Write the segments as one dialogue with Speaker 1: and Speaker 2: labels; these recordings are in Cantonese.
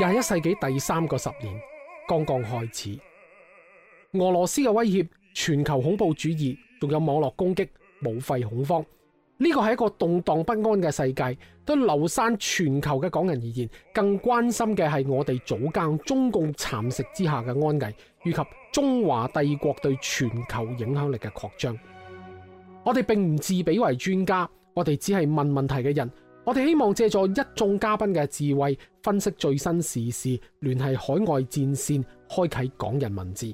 Speaker 1: 廿一世紀第三個十年剛剛開始，俄羅斯嘅威脅、全球恐怖主義、仲有網絡攻擊、武肺恐慌，呢個係一個動盪不安嘅世界。對流散全球嘅港人而言，更關心嘅係我哋祖間中共蠶食之下嘅安危，以及中華帝國對全球影響力嘅擴張。我哋並唔自比為專家，我哋只係問問題嘅人。我哋希望借助一眾嘉賓嘅智慧，分析最新時事，聯繫海外戰線，開啟港人文字。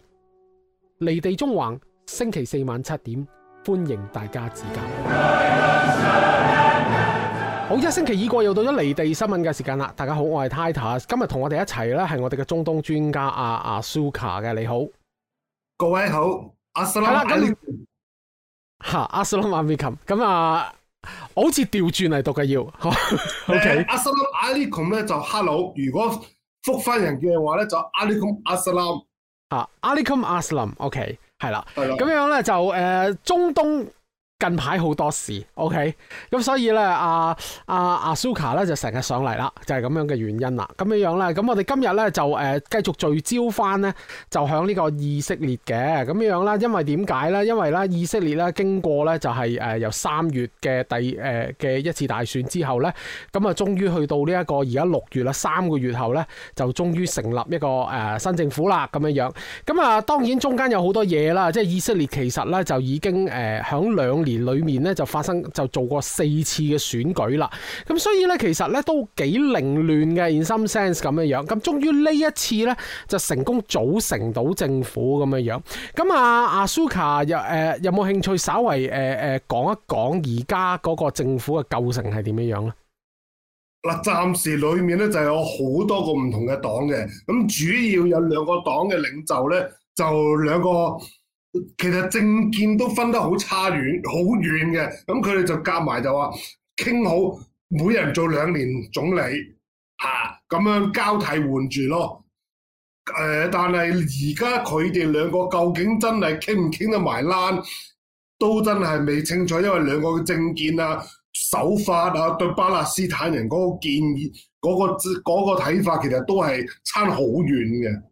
Speaker 1: 離地縱橫，星期四晚七點，歡迎大家指教。
Speaker 2: 好，
Speaker 1: 一星期已過，又到咗離地新聞嘅時間啦！大家好，我係 Titus，今日同我哋一齊咧係我哋嘅中東專家阿阿蘇卡嘅，你好，
Speaker 2: 各位好，阿蘇卡，
Speaker 1: 吓，阿蘇拉曼貝卡，咁啊。啊啊我好似調轉嚟讀嘅要
Speaker 2: ，ok 阿斯蘭阿里 come 咧就 hello，如果復翻人嘅話咧就阿里 come 阿斯蘭，吓阿里 come 阿斯蘭，OK
Speaker 1: 係啦，咁
Speaker 2: 了樣咧就誒、呃、中東。
Speaker 1: 近排好多事，OK，咁所以咧，阿阿阿 Asuka 咧就成日上嚟啦，就係咁、就是、樣嘅原因啦。咁樣樣咧，咁我哋今日咧就誒繼、呃、續聚焦翻咧，就響呢個以色列嘅咁樣樣啦。因為點解咧？因為咧，以色列咧經過咧就係、是、誒、呃、由三月嘅第誒嘅、呃、一次大選之後咧，咁啊終於去到呢一個而家六月啦，三個月後咧就終於成立一個誒、呃、新政府啦。咁樣樣，咁啊當然中間有好多嘢啦，即係以色列其實咧就已經誒響兩。呃年裏面咧就發生就做過四次嘅選舉啦，咁所以咧其實咧都幾凌亂嘅，in some sense 咁樣樣，咁終於呢一次咧就成功組成到政府咁樣樣，咁啊 Asuka 又誒、呃、有冇興趣稍為誒誒講一講而家嗰個政府嘅構成係點樣樣咧？
Speaker 2: 嗱，暫時裏面咧就有好多個唔同嘅黨嘅，咁主要有兩個黨嘅領袖咧就兩個。其實政見都分得好差遠，好遠嘅，咁佢哋就夾埋就話傾好，每人做兩年總理吓，咁樣交替換住咯。誒，但係而家佢哋兩個究竟真係傾唔傾得埋攬，都真係未清楚，因為兩個嘅政見啊、手法啊，對巴勒斯坦人嗰個建議、嗰個嗰個睇法，其實都係差好遠嘅。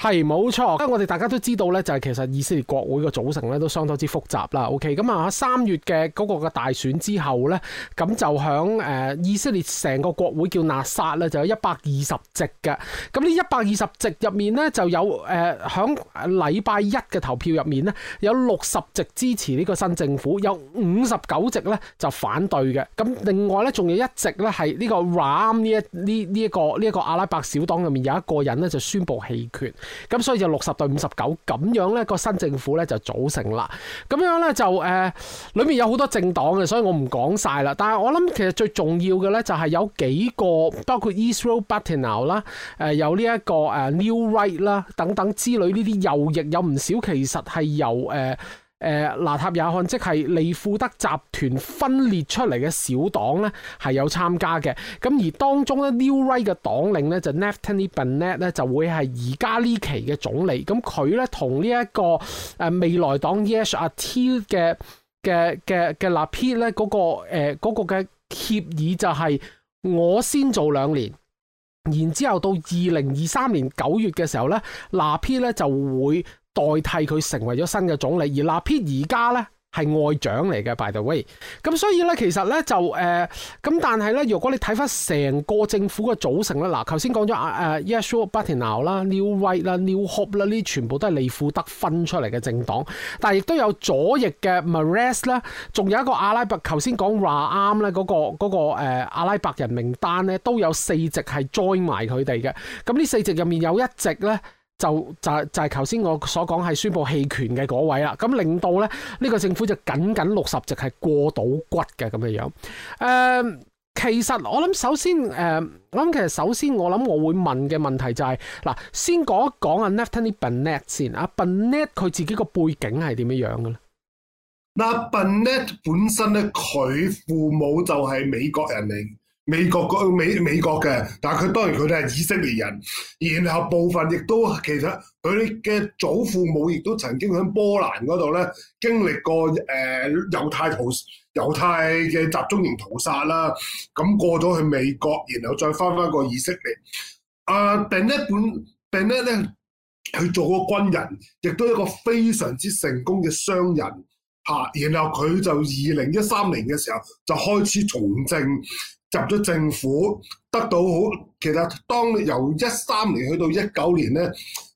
Speaker 2: 係
Speaker 1: 冇錯，咁我哋大家都知道咧，就係、是、其實以色列國會嘅組成咧都相當之複雜啦。OK，咁啊，三月嘅嗰個嘅大選之後咧，咁就響誒、呃、以色列成個國會叫納撒咧，就有一百二十席嘅。咁呢一百二十席入面咧，就有誒響禮拜一嘅投票入面咧，有六十席支持呢個新政府，有五十九席咧就反對嘅。咁另外咧，仲有一席咧係呢個 Ram 呢、這、一呢呢一個呢一、這個這個、阿拉伯小黨入面有一個人咧就宣布棄權。咁所以就六十對五十九咁樣咧，個新政府咧就組成啦。咁樣咧就誒，裏、呃、面有好多政黨嘅，所以我唔講晒啦。但係我諗其實最重要嘅咧，就係、是、有幾個，包括 Israel、e、Beiteinu、呃、啦，有呢、這、一個、呃、New Right 啦等等之類呢啲右翼有唔少，其實係由誒。呃誒，納、呃、塔雅漢即係利庫德集團分裂出嚟嘅小黨咧，係有參加嘅。咁而當中咧，New Right 嘅黨領咧就 Naftali Bennett 咧，就會係而家呢期嘅總理。咁佢咧同呢一、這個、呃、未來黨 Yesh Atid 嘅嘅嘅嘅納皮咧嗰個誒嘅、呃那個、協議就係我先做兩年，然之後到二零二三年九月嘅時候咧，納皮咧就會。代替佢成為咗新嘅總理，而立撇而家咧係外長嚟嘅。By the way，咁所以咧其實咧就誒咁、呃，但係咧若果你睇翻成個政府嘅組成呢，嗱頭先講咗阿誒 Yeshua b a t i n o w 啦、New Right 啦、New Hope 啦，呢全部都係利庫德分出嚟嘅政黨，但亦都有左翼嘅 Mares 啦、啊，仲有一個阿拉伯頭先講話啱咧嗰個嗰、嗰個、呃、阿拉伯人名單咧，都有四席係 join 埋佢哋嘅。咁呢四席入面有一席咧。就就就係頭先我所講係宣布棄權嘅嗰位啦，咁令到咧呢、這個政府就僅僅六十席係過到骨嘅咁嘅樣。誒、呃，其實我諗首先誒、呃，我諗其實首先我諗我會問嘅問題就係、是、嗱，先講一講啊，Naftali Bennett 先，阿、啊、Bennett 佢自己個背景係點樣樣嘅咧？
Speaker 2: 阿 Bennett 本身咧，佢父母就係美國人嚟。美國美美國嘅，但係佢當然佢哋係以色列人，然後部分亦都其實佢嘅祖父母亦都曾經喺波蘭嗰度咧經歷過誒、呃、猶太屠猶太嘅集中營屠殺啦，咁過咗去美國，然後再翻翻個以色列。啊，Bennett 本 Bennett 咧去做過軍人，亦都一個非常之成功嘅商人。吓，啊、然後佢就二零一三年嘅時候就開始從政，入咗政府，得到好。其實當由一三年去到一九年咧，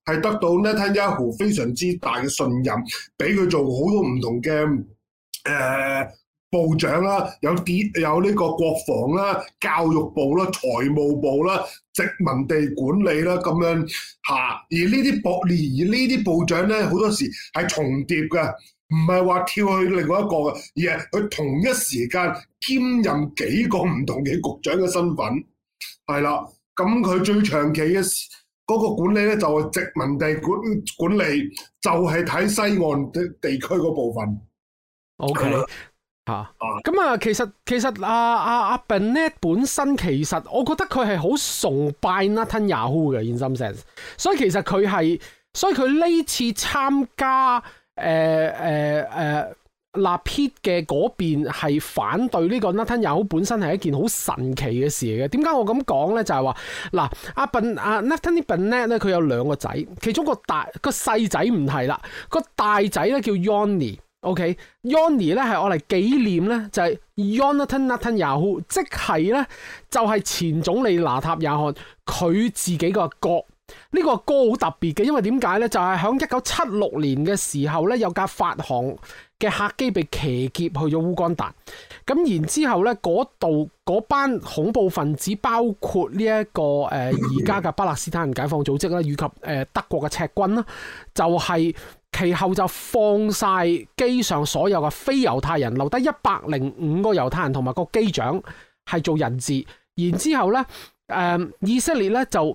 Speaker 2: 係得到 Netanyahu 非常之大嘅信任，俾佢做好多唔同嘅誒部長啦，有啲有呢個國防啦、教育部啦、財務部啦、殖民地管理啦咁樣吓、啊。而呢啲薄利，而呢啲部長咧，好多時係重疊嘅。唔係話跳去另外一個嘅，而係佢同一時間兼任幾個唔同嘅局長嘅身份，係啦。咁佢最長期嘅嗰個管理咧，就係殖民地管管理，就係睇西岸地區嗰部分。OK 嚇，咁啊，其實其實、uh, 阿阿、uh, 阿 Bennett 本身其
Speaker 1: 實，我覺得佢係好崇拜 Netanyahu 嘅。In some sense，所以其實佢係，所以佢呢次參加。誒誒誒，納撇嘅嗰邊係反對呢個納坦雅霍本身係一件好神奇嘅事嚟嘅。點解我咁講咧？就係、是、話，嗱、啊，阿笨阿納坦尼笨納咧，佢有兩個仔，其中個大個細仔唔係啦，個大仔咧叫 Yoni，OK，Yoni 咧係我嚟紀念咧，就係、是、Yonatan Netanyahu，即係咧就係、是、前總理拿塔雅罕佢自己個哥。呢個歌好特別嘅。因為點解呢？就係喺一九七六年嘅時候呢，有一架法航嘅客機被騎劫去咗烏干達，咁然之後呢，嗰度嗰班恐怖分子包括呢、這、一個誒而家嘅巴勒斯坦人解放組織啦，以及誒德國嘅赤軍啦，就係、是、其後就放晒機上所有嘅非猶太人，留低一百零五個猶太人同埋個機長係做人質，然之後呢，誒、呃、以色列呢就。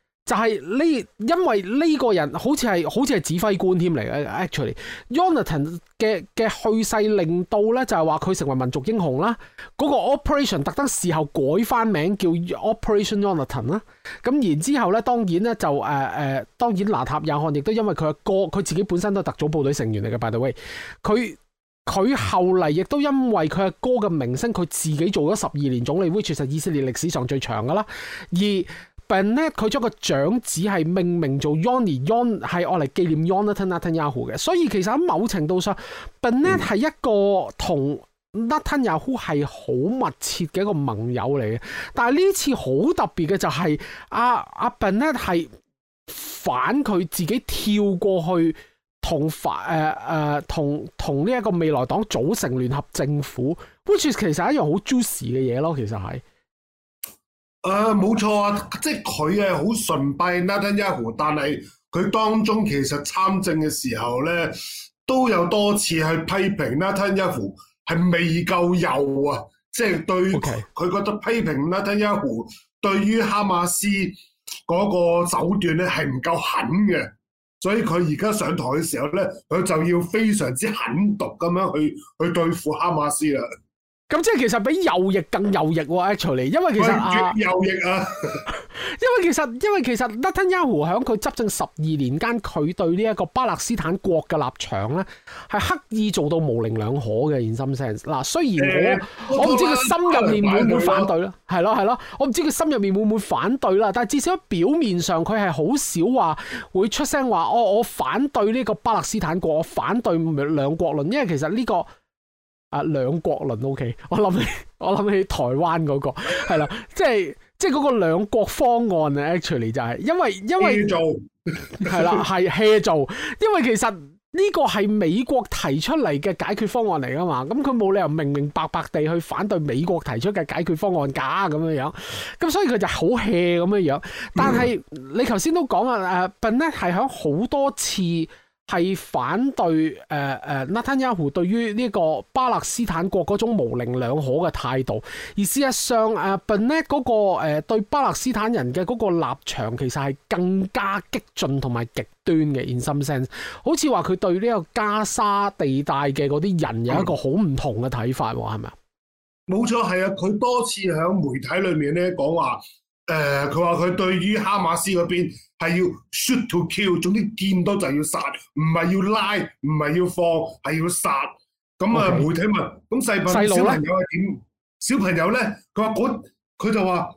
Speaker 1: 就係呢，因為呢個人好似係好似係指揮官添嚟嘅。Actually，Jonathan 嘅嘅去世令到咧就係話佢成為民族英雄啦。嗰、那個 Operation 特登事後改翻名叫 Operation Jonathan 啦。咁然之後咧，當然咧就誒誒、呃，當然拿塔亞汗亦都因為佢阿哥，佢自己本身都係特組部隊成員嚟嘅。By the way，佢佢後嚟亦都因為佢阿哥嘅名聲，佢自己做咗十二年總理，which is 以色列歷史上最長噶啦。而 Bennett 佢將個長子係命名做 Yoni Yon，係愛嚟紀念 Yonatan Netanyahu 嘅，所以其實喺某程度上 Bennett 係一個同 Netanyahu 係好密切嘅一個盟友嚟嘅。但係呢次好特別嘅就係、是、阿阿、啊啊、Bennett 係反佢自己跳過去同反誒誒同同呢一個未來黨組成聯合政府，which 其實係一樣好 juicy 嘅嘢咯，其實係。
Speaker 2: 誒，冇錯啊，啊，即係佢係好崇拜尼坦雅胡，但係佢當中其實參政嘅時候咧，都有多次去批評尼坦雅胡係未夠右啊，即係對，佢 Okay. 覺得批評尼坦雅胡對於哈馬斯嗰個手段咧係唔夠狠嘅，所以佢而家上台嘅時候咧，佢就要非常之狠毒咁樣去去對付哈馬斯啦咁即係其實比右翼更右翼，actually，因為其實啊，右翼啊，
Speaker 1: 因為其實因為其實內坦亞胡響佢執政十二年間，佢對呢一個巴勒斯坦國嘅立場咧，係刻意做到模棱兩可嘅。in some sense 嗱，雖然我、欸、我唔知佢心入面會唔會反對啦，係咯係咯，欸、我唔知佢心入面會唔會反對啦、啊，但係至少喺表面上他是很，佢係好少話會出聲話，我、哦、我反對呢個巴勒斯坦國，我反對兩國論，因為其實呢、這個。啊，兩國論 OK，我諗我諗起台灣嗰，那個係啦， 即係即係嗰個兩國方案啊，actually 就係、是、因為因為係啦，係 hea 做，因為其實呢個係美國提出嚟嘅解決方案嚟噶嘛，咁佢冇理由明明白白地去反對美國提出嘅解決方案，假咁樣樣，咁所以佢就好 hea 咁樣樣。但係你頭先都講啊，誒 Bennett 係響好多次。係反對，誒誒，拉、呃、坦、呃、雅胡對於呢個巴勒斯坦國嗰種模棱兩可嘅態度，而事實上誒，Bennett 嗰個誒、呃、對巴勒斯坦人嘅嗰個立場，其實係更加激進同埋極端嘅。In some sense，好似話佢對呢個加沙地帶嘅嗰啲人有一個好唔同嘅睇法，係咪啊？
Speaker 2: 冇錯吧，係啊，佢多次喺媒體裏面咧講話。誒佢話佢對於哈馬斯嗰邊係要 shoot to kill，總之見到就要殺，唔係要拉，唔係要放，係要，要殺。咁啊媒體問：咁細細路小朋友係點？呢小朋友咧，佢話嗰佢就話。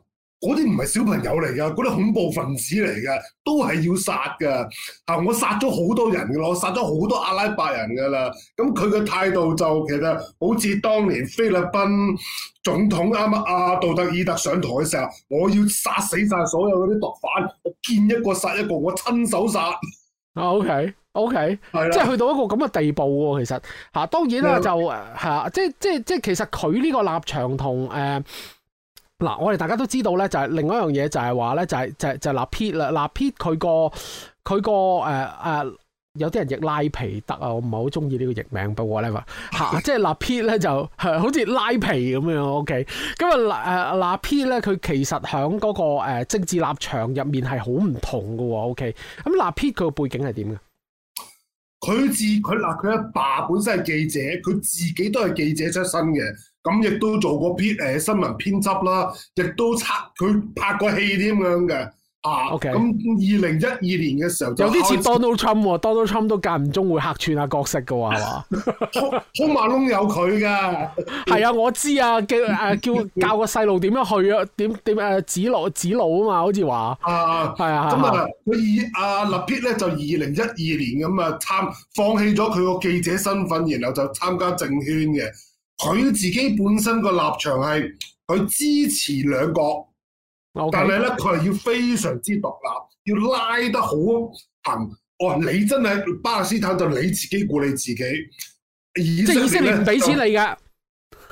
Speaker 2: 嗰啲唔係小朋友嚟噶，嗰啲恐怖分子嚟噶，都係要殺噶。嚇，我殺咗好多人㗎喇，我殺咗好多阿拉伯人㗎啦。咁佢嘅態度就其實好似當年菲律賓總統啊嘛，阿杜特爾特上台嘅時候，我要殺死晒所有嗰啲毒販，我見一個殺一個，我親手殺。啊，OK，OK，係
Speaker 1: 啦，即係去到一個咁嘅地步喎，啊。其實嚇，當然啦，的就係啦，即係即係即係，其實佢呢個立場同誒。呃嗱、啊，我哋大家都知道咧，就係、是、另外一樣嘢，就係話咧，就係就係就係 Lapid 啦。Lapid 佢個佢個誒誒，有啲人譯拉皮德啊，我唔係好中意呢個譯名，不過咧吓，即係 Lapid 咧就好似拉皮咁樣。O K，咁啊納誒 Lapid 咧，佢其實響嗰、那個誒、呃、政治立場入面係好唔同噶。O K，咁 Lapid 佢個背景係點嘅？
Speaker 2: 佢自佢立，佢阿爸本身係記者，佢自己都係記者出身嘅。咁亦都做過編誒新聞編輯啦，亦都測佢拍過戲啲咁樣嘅啊。Okay。咁二零一二年嘅時候，有啲似
Speaker 1: Donald Trump，Donald、啊、Trump 都間唔中會客串下、啊、角色嘅喎，係嘛
Speaker 2: ？Home Alone 有佢㗎，
Speaker 1: 係啊，我知啊，叫誒叫教個細路點樣去啊，點點誒指路指路啊嘛，好似話啊，係是是啊。咁是是啊，
Speaker 2: 佢二阿立撇呢就二零一二年咁啊參放棄咗佢個記者身份，然後就參加政圈嘅。佢自己本身個立場係佢支持兩國，Okay. 但係咧佢係要非常之獨立，要拉得好行。哦，你真係巴勒斯坦就你自己顧你自己，即係以色列唔俾錢的是的你嘅，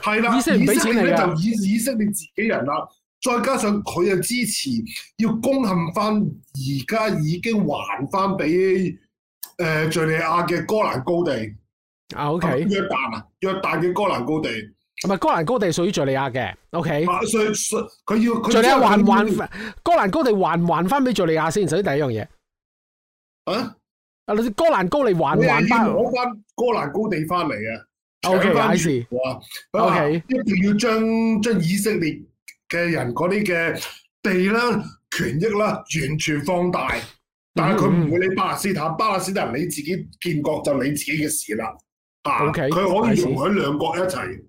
Speaker 2: 係啦，以色列唔俾錢你就以以色列自己人啦。再加上佢又支持要攻陷翻，而家已經還翻俾誒敘利亞嘅戈蘭高地。啊，OK，約旦啊，約旦嘅哥蘭高地，
Speaker 1: 唔係哥蘭高地屬於敘利亞嘅
Speaker 2: ，OK，屬屬佢要，敘利亞還會還
Speaker 1: 哥蘭高地還還翻俾敘利亞先，所以第一樣嘢，啊，啊，你
Speaker 2: 哥蘭高地還還翻，我攞翻哥蘭高地翻嚟啊，OK，哇，OK，一定要將將以色列嘅人嗰啲嘅地啦、權益啦，完全放大，但係佢唔會理巴勒斯坦，巴勒斯坦人你自己建國就你自己嘅事啦。啊、ok 佢可以同喺兩國一齊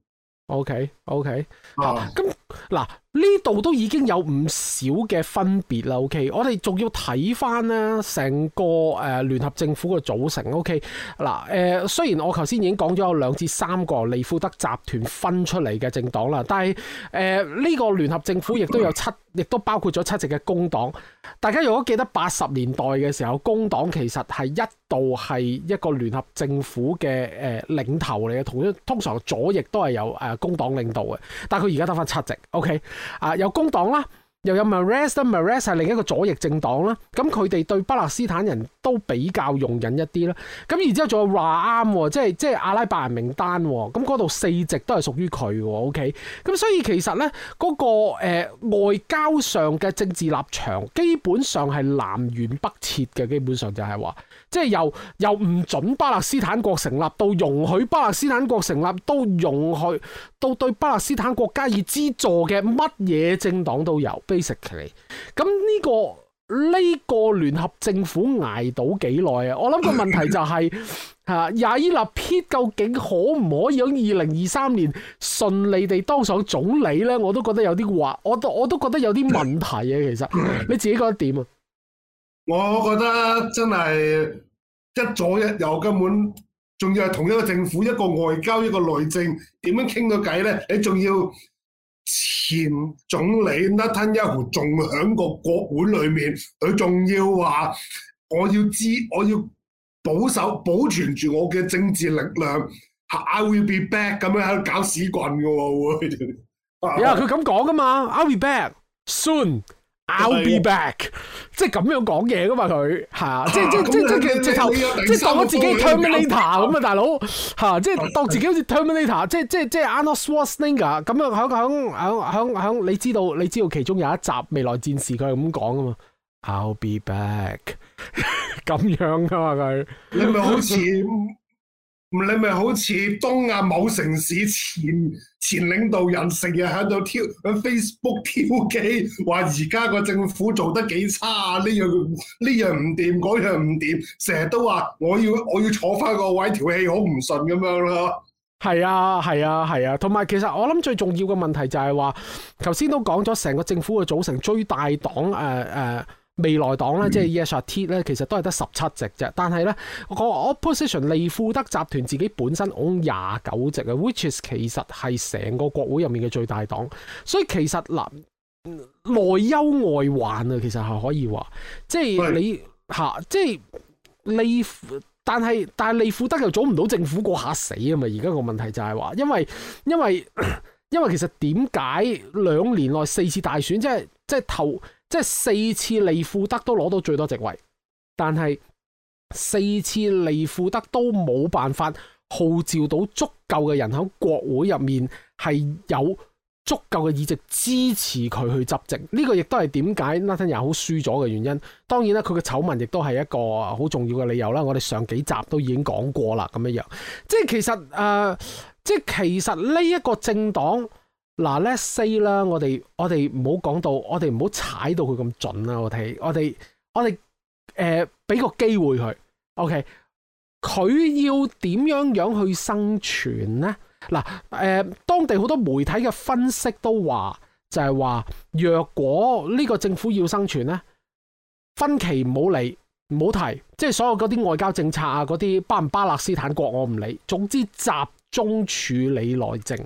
Speaker 1: ok。O K，咁嗱呢度都已經有唔少嘅分別啦。O、okay? K，我哋仲要睇翻咧成個誒聯、呃、合政府嘅組成。O K，嗱誒雖然我頭先已經講咗有兩至三個利富德集團分出嚟嘅政黨啦，但係誒呢個聯合政府亦都有七，亦都包括咗七席嘅工黨，大家如果記得八十年代嘅時候，工黨其實係一度係一個聯合政府嘅誒、呃、領頭嚟嘅，同通常左翼都係有誒、呃、工黨領頭。到嘅，但係佢而家得翻七席，OK 啊，有工黨啦。又有 Meretz Meretz 係另一個左翼政黨啦，咁佢哋對巴勒斯坦人都比較容忍一啲啦。咁然之後仲有話啱，即係即係阿拉伯人名單喎。咁嗰度四席都係屬於佢喎。OK。咁所以其實咧，嗰、嗰個、呃、外交上嘅政治立場基本上係南轅北轍嘅。基本上就係話，即係由由唔准巴勒斯坦國成立到容許巴勒斯坦國成立，都容許到對巴勒斯坦國家以資助嘅乜嘢政黨都有。basically，咁呢個呢個聯合政府挨到幾耐啊？我諗個問題就係，哈，Yair Lapid 究竟可唔可以喺二零二三年順利地當上總理咧？我都覺得有啲話，我都我都覺得有啲問題嘅。其實
Speaker 2: 你自己覺得點啊？我覺得真係一左一右，根本仲要係同一個政府，一個外交，一個內政，點樣傾到偈咧？你仲要？前總理 Netanyahu 仲響個國會裏面，佢仲要話我要知我要保守保存住我嘅政治力量。I will be back 咁樣喺度搞屎棍噶喎。你話佢
Speaker 1: 咁講噶嘛？I will be back soon。I'll be back，即係咁樣講嘢噶嘛佢，係即係即係即係即係直頭，即係當咗自己 Terminator 咁啊，大佬吓，即係當自己好似 Terminator，即係即係即係 Arnold Schwarzenegger 咁樣響響響響響，你知道你知道其中有一集未來戰士佢係咁講噶嘛，I'll be back，咁樣噶嘛佢，你咪好淺。
Speaker 2: 你咪好似東亞某城市前前領導人，成日喺度挑 Facebook 挑機，話而家個政府做得幾差啊，呢樣呢樣唔掂，嗰樣唔掂，成日都話我要我要坐翻個位，條氣好唔順咁樣咯。係啊，係啊，係啊。
Speaker 1: 同埋其實我諗最重要嘅問題就係話，頭先都講咗成個政府嘅組成，最大黨誒誒。呃呃未來黨咧，嗯、即係 Yesh Atid 咧，其實都係得十七席啫。但係咧，我我 opposition 利富德集團自己本身擁廿九席啊，which is 其實係成個國會入面嘅最大黨。所以其實嗱，呃、內憂外患啊，其實係可以話，即係你吓是、啊，即係利，但係但係利富德又做唔到政府過下死啊嘛。而家個問題就係話，因為因為因為其實點解兩年內四次大選，即係即係投。即係四次利庫德都攞到最多席位，但係四次利庫德都冇辦法號召到足夠嘅人喺國會入面係有足夠嘅議席支持佢去執政。呢、這個亦都係點解內塔尼亞胡又好輸咗嘅原因。當然啦，佢嘅醜聞亦都係一個好重要嘅理由啦。我哋上幾集都已經講過啦，咁樣樣。即係其實誒、呃，即係其實呢一個政黨。嗱，let's say 啦，我哋我哋唔好講到，我哋唔好踩到佢咁盡啦。我睇，我哋我哋誒，俾、呃、個機會佢。OK，佢要點樣樣去生存咧？嗱，誒，當地好多媒體嘅分析都話，就係、是、話，若果呢個政府要生存咧，分歧唔好理，唔好提，即、就、係、是、所有嗰啲外交政策啊，嗰啲巴巴勒斯坦國我唔理，總之集中處理內政。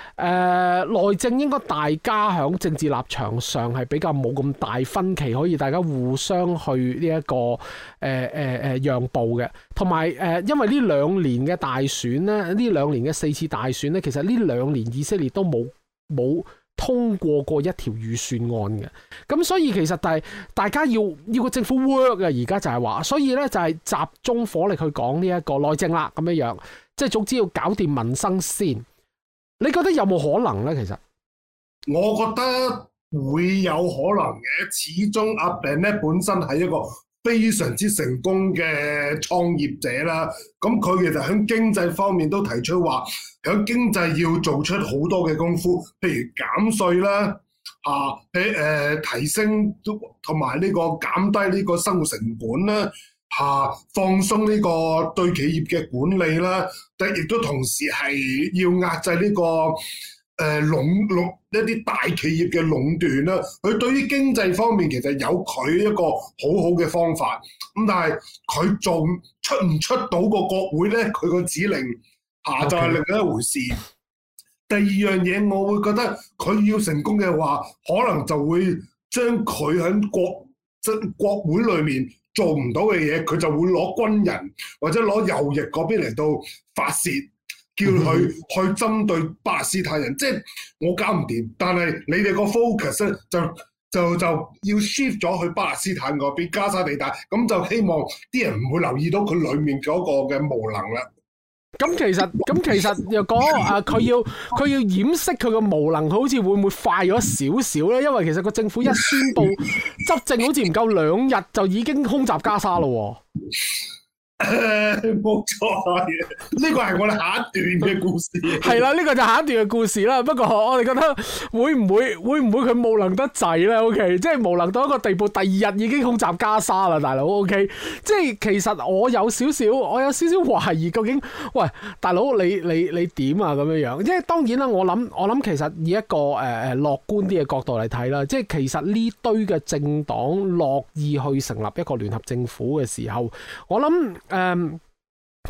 Speaker 1: 誒、呃，內政應該大家喺政治立場上係比較冇咁大分歧，可以大家互相去呢、這、一個誒誒誒讓步嘅。同埋誒，因為呢兩年嘅大選咧，呢兩年嘅四次大選咧，其實呢兩年以色列都冇冇通過過一條預算案嘅。咁所以其實就係大家要要個政府 work 啊，而家就係話，所以咧就係集中火力去講呢一個內政啦，咁樣樣，即係總之要搞掂民生先。
Speaker 2: 你覺得有冇可能咧？其實我覺得會有可能嘅。始終阿 Ben 咧本身係一個非常之成功嘅創業者啦。咁佢其實喺經濟方面都提出話，喺經濟要做出好多嘅功夫，譬如減稅啦，啊、呃，喺誒提升同埋呢個減低呢個生活成本啦。吓放鬆呢個對企業嘅管理啦，但亦都同時係要壓制呢個誒壟壟一啲大企業嘅壟斷啦。佢對於經濟方面其實有佢一個好好嘅方法。咁但係佢做出唔出到個國會咧，佢個指令下就係另一回事。Okay. 第二樣嘢我會覺得佢要成功嘅話，可能就會將佢喺國即國會裏面。做唔到嘅嘢，佢就會攞軍人或者攞右翼嗰邊嚟到發泄，叫佢去針對巴勒斯坦人、mm。即、hmm. 係我搞唔掂，但係你哋個 focus 就就就要 shift 咗去巴勒斯坦嗰邊加沙地帶，咁就希望啲人唔會留意到佢裡面嗰個嘅無能啦。咁其實，咁其實又講，佢要
Speaker 1: 佢要掩飾佢個無能，佢好似會唔會快咗少少呢？因為其實個政府一宣布執政好像不，好似唔夠兩日就已經空襲加沙啦。誒，冇錯嘅，呢個係我哋下一段嘅故事。係啦， 呢個就下一段嘅故事啦。不過我哋覺得會唔會會唔會佢無能得滯咧？O K，即係無能到一個地步，第二日已經空襲加沙啦，大佬。OK，即係其實我有少少，我有少少懷疑，究竟喂，大佬你你你點啊？咁樣樣，因為當然啦，我諗我諗，其實以一個誒誒樂觀啲嘅角度嚟睇啦，即係其實呢堆嘅政黨樂意去成立一個聯合政府嘅時候，我諗。誒，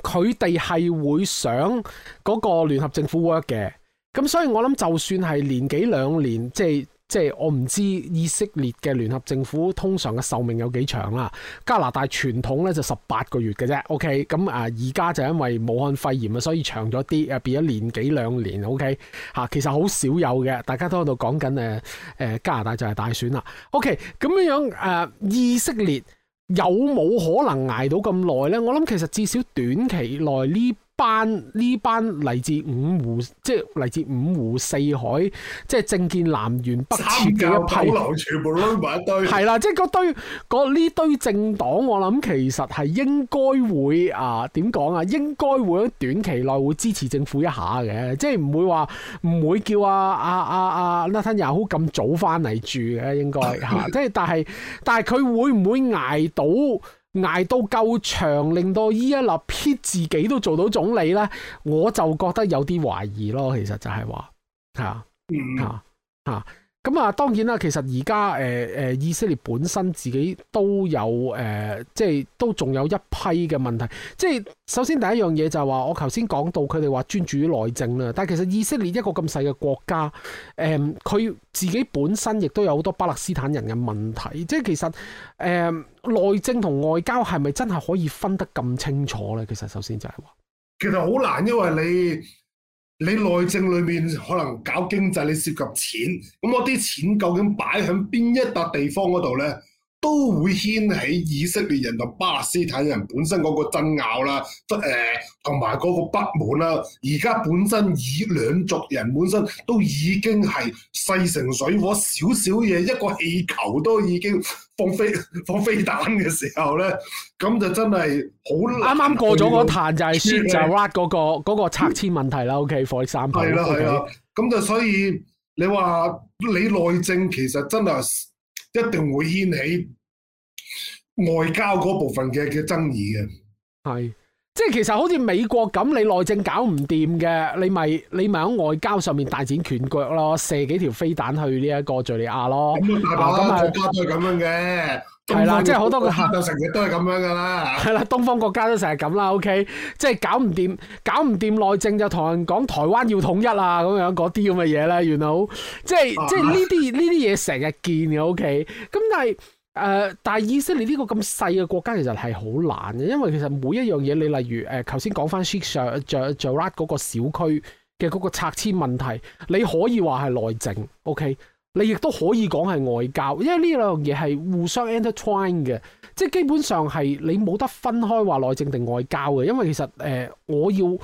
Speaker 1: 佢哋係會想嗰個聯合政府 work 嘅，咁所以我諗就算係年幾兩年，即係即係我唔知以色列嘅聯合政府通常嘅壽命有幾長啦。加拿大傳統咧就十八個月嘅啫，OK，咁啊而家就因為武漢肺炎啊，所以長咗啲啊，變咗年幾兩年，OK，吓其實好少有嘅，大家都喺度講緊誒誒加拿大就係大選啦，OK，咁樣樣誒以色列。有冇可能挨到咁耐咧？我諗其實至少短期內呢。班呢班嚟自五湖，即係嚟自五湖四海，即係政見南轅北轍嘅一批，全部撈埋一堆，係啦，即係 嗰堆嗰呢堆政黨，我諗其實係應該會啊？點講啊？應該會喺短期內會支持政府一下嘅，即係唔會話唔會叫啊啊阿阿拉丁又好咁早翻嚟住嘅，應該吓。即係但係，但係佢會唔會挨到？挨到夠長，令到呢一粒撇自己都做到總理咧，我就覺得有啲懷疑咯。其實就係話，吓、啊？吓、啊？吓、啊？」咁啊，當然啦，其實而家誒誒，以色列本身自己都有誒、呃，即係都仲有一批嘅問題。即係首先第一樣嘢就係話，我頭先講到佢哋話專注於內政啦，但係其實以色列一個咁細嘅國家，誒、呃，佢自己本身亦都有好多巴勒斯坦人嘅問題。即係其實誒，內政同外交係咪真係可以分得咁清
Speaker 2: 楚咧？其實首先就係話，其實好難，因為你。你內政裏面可能搞經濟，你涉及錢，咁嗰啲錢究竟擺喺邊一笪地方嗰度呢？都會掀起以色列人同巴勒斯坦人本身嗰個爭拗啦，誒、呃，同埋嗰個不滿啦。而家本身以兩族人本身都已經係勢成水火，少少嘢一個氣球都已經放飛放飛彈嘅時候咧，咁就真係好啱啱過咗、嗯那個壇就係遷就
Speaker 1: cut 嗰個個拆遷問題啦。OK，火力三倍係啦係啦，
Speaker 2: 咁、啊、就所以你話你內政其實真係。一定會掀起外交嗰部分嘅嘅爭議嘅，係
Speaker 1: 即係其實好似美國咁，你內政搞唔掂嘅，你咪你咪喺外交上面大展拳腳咯，射幾條飛彈去呢一個敘利亞咯，咁、嗯、啊國家都係咁
Speaker 2: 樣嘅。係啦，即係好多個亞洲成日都係咁樣噶啦。
Speaker 1: 係啦，東方國家都成日咁啦。O K，即係搞唔掂，搞唔掂內政就同人講台灣要統一啊，咁樣嗰啲咁嘅嘢啦。原來即係即係呢啲呢啲嘢成日見嘅。O K，咁但係誒，但係以色列呢個咁細嘅國家其實係好難嘅，因為其實每一樣嘢你例如誒頭先講翻 Sheikh Jarrah 嗰個小區嘅嗰個拆遷問題，你可以話係內政。O K。你亦都可以講係外交，因為呢兩樣嘢係互相 intertwined 嘅，即係基本上係你冇得分開話內政定外交嘅，因為其實誒、呃，我要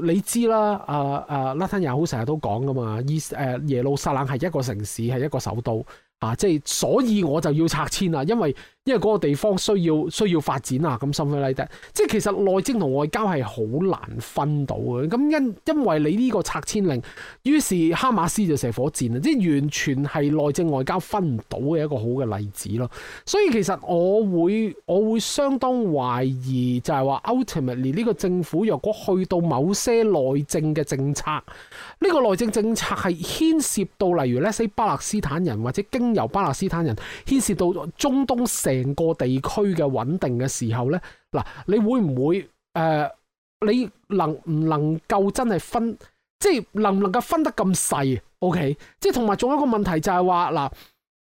Speaker 1: 你知啦，阿 t 拉 n 雅好成日都講噶嘛，以誒耶路撒冷係一個城市，係一個首都啊，即係所以我就要拆遷啦，因為因為嗰個地方需要需要發展啊，咁 so far 即其實內政同外交係好難分到嘅。咁因因為你呢個拆遷令，於是哈馬斯就射火箭啦，即完全係內政外交分唔到嘅一個好嘅例子咯。所以其實我會我會相當懷疑，就係話 ultimately 呢個政府若果去到某些內政嘅政策，呢個內政政策係牽涉到例如咧西巴勒斯坦人或者經由巴勒斯坦人牽涉到中東成個地區嘅穩定嘅時候咧，嗱你會唔會誒、呃，你能唔能夠真係分，即係能唔能夠分得咁細？OK，即係同埋仲有一個問題就係話嗱，誒、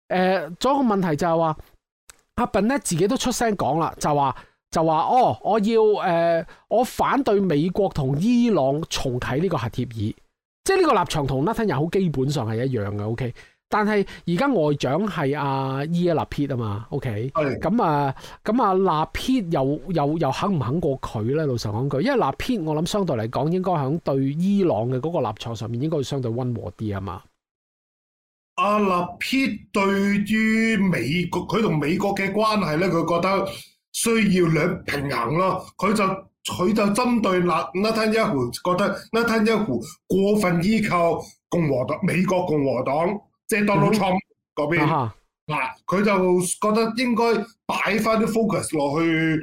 Speaker 1: 呃，仲有一個問題就係話 阿 Ben e 咧自己都出聲講啦，就話就話哦，我要誒、呃，我反對美國同伊朗重啟呢個核協議，即係呢個立場同 Nathan 又好基本上係一樣嘅，OK。但係而家外長係阿伊阿納撇啊嘛，OK，咁啊是，咁阿納撇又又又肯唔肯過佢咧？老實講句，因為納撇我諗相對嚟講，應該喺對伊朗嘅嗰個立場上面，應該會相對溫和啲啊嘛。
Speaker 2: 阿納撇對於美國，佢同美國嘅關係咧，佢覺得需要兩平衡咯。佢就佢就針對納納坦耶胡，覺得納坦耶胡過分依靠共和黨，美國共和黨。即係 Donald Trump 嗰邊嗱，佢就覺得應該擺翻啲 focus 落去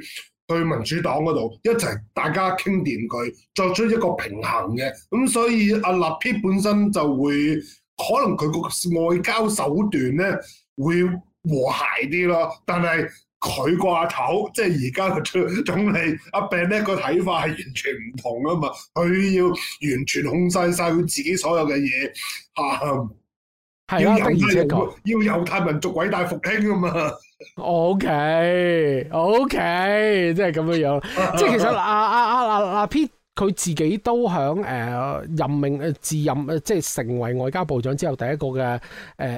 Speaker 2: 去民主黨嗰度，一齊大家傾掂佢，作出一個平衡嘅。咁所以阿 Lapid 本身就會可能佢個外交手段咧會和諧啲咯。但係佢個阿頭，即係而家嘅總理阿 Ben 呢個睇法係完全唔同啊嘛。佢要完全控制晒佢自己所有嘅嘢啊！
Speaker 1: 係啦，而且講
Speaker 2: 要猶太民族偉大復興啊嘛。
Speaker 1: OK，OK，okay, okay, 即係咁樣樣。即係其實啊啊啊啊啊 P。Pete 佢自己都響誒、呃、任命誒自任誒即係成為外交部長之後第一個嘅誒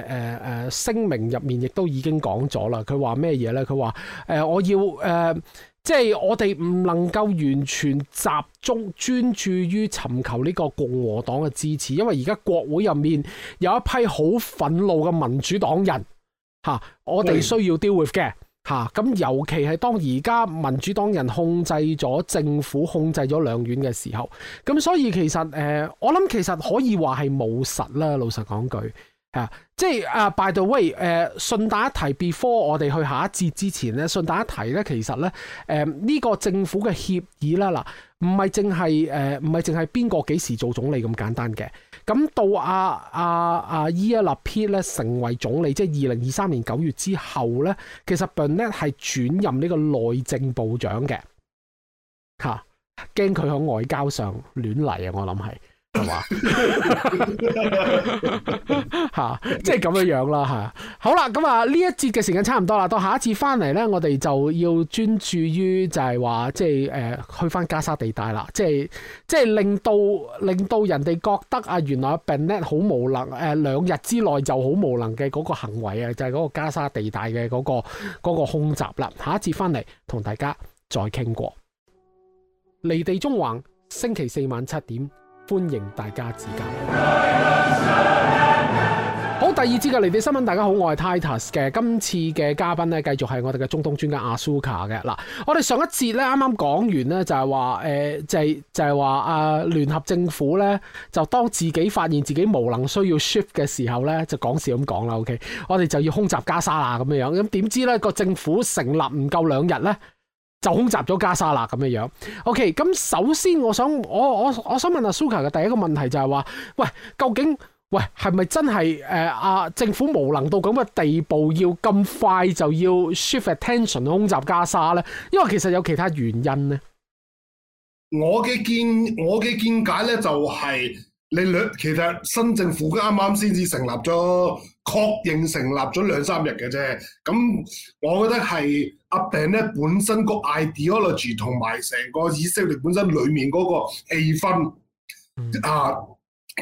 Speaker 1: 誒誒聲明入面，亦都已經講咗啦。佢話咩嘢咧？佢話誒我要誒即係我哋唔能夠完全集中專注於尋求呢個共和黨嘅支持，因為而家國會入面有一批好憤怒嘅民主黨人吓，喂我哋需要 deal with 嘅。咁、啊、尤其係當而家民主黨人控制咗政府、控制咗兩院嘅時候，咁所以其實、呃、我諗其實可以話係務實啦，老實講句。啊，即係啊，by the way，誒，順帶一提，before 我哋去下一節之前咧，順帶一提咧，其實咧，誒、嗯、呢、這個政府嘅協議啦，嗱、啊，唔係淨係誒，唔係淨係邊個幾時做總理咁簡單嘅。咁到阿阿阿 Lapid 咧成為總理，即係二零二三年九月之後咧，其實 Bennett 係轉任呢個內政部長嘅，吓，驚佢喺外交上亂嚟啊，我諗係。吓， 即係咁嘅樣啦，吓。好啦，咁啊，呢一節嘅時間差唔多啦。到下一次翻嚟咧，我哋就要專注於就係話、就係話呃，即係誒去翻加沙地帶啦。即係即係令到令到人哋覺得啊，原來 Bennett 好無能誒，呃、兩日之內就好無能嘅嗰個行為啊，就係、係、嗰個加沙地帶嘅嗰個、嗰個空襲啦。下一次翻嚟同大家再傾過，離地縱橫星期四晚七點。歡迎大家指教。
Speaker 2: 好，第二
Speaker 1: 節嘅離地新聞，大家好，我係 Titus 嘅。今次嘅嘉賓咧，繼續係我哋嘅中東專家阿 Suka 嘅。嗱，我哋上一節咧，啱啱講完咧，就係、是、話、呃、就係、是、就係話阿聯合政府咧，就當自己發現自己無能，需要 shift 嘅時候咧，就講笑咁講啦。OK，我哋就要空襲加沙啦咁樣樣。咁點知咧，個政府成立唔夠兩日咧？就空襲咗加沙啦，咁樣樣。OK，咁首先我想我我我想問阿蘇卡嘅第一個問題就係、是、話，喂，究竟喂係咪真係誒、呃啊、政府無能到咁嘅地步，要咁快就要 shift attention 空襲加沙咧？因為其實有其他原因咧。
Speaker 2: 我嘅見我嘅見解咧、就是，就係你兩其實新政府啱啱先至成立咗。確認成立咗兩三日嘅啫，咁我覺得係阿 Ben 呢，本身個 ideology 同埋成個以色列本身裡面嗰個氣氛，啊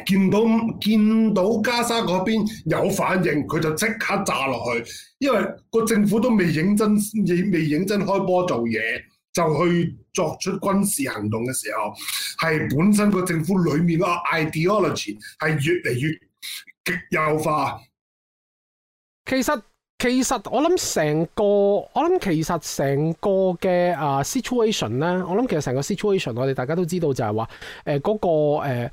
Speaker 2: 見到見到加沙嗰邊有反應，佢就即刻炸落去，因為個政府都未認真，未認真開波做嘢，就去作出軍事行動嘅時候，係本身個政府裡面個 ideology 係越嚟越極右化。
Speaker 1: 其實其實我諗成個我諗其實成個嘅啊 situation 咧，我諗其實成個 situation，我哋大家都知道就係話誒嗰個、呃、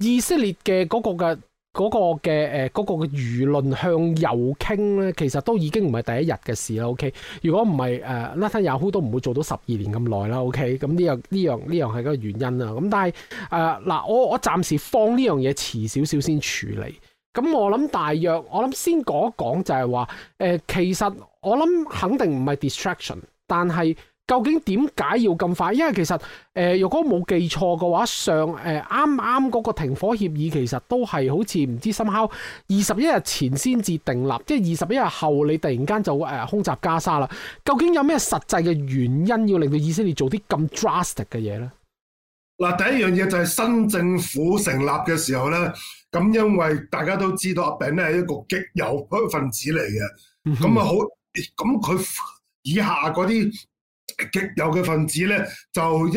Speaker 1: 以色列嘅嗰、嗰個嘅嗰、嗰個嘅誒嗰嘅輿論向右傾咧，其實都已經唔係第一日嘅事啦。OK，如果唔係誒拉特雅胡都唔會做到十二年咁耐啦。OK，咁呢樣呢樣呢樣係一個原因啦。咁但係誒嗱，我我暫時放呢樣嘢遲少少先處理。咁我諗大約，我諗先講一講就係話，誒、呃，其實我諗肯定唔係 distraction，但係究竟點解要咁快？因為其實，誒、呃，如果冇記錯嘅話，上誒啱啱嗰個停火協議其實都係好似唔知深秋二十一日前先至訂立，即係二十一日後你突然間就誒、呃、空襲加沙啦。究竟有咩實際嘅原因要令到以色列做啲咁 drastic 嘅嘢咧？
Speaker 2: 嗱，第一樣嘢就係新政府成立嘅時候咧。咁因為大家都知道阿餅咧係一個極右分子嚟嘅，咁啊好，咁佢以下嗰啲極右嘅分子咧，就一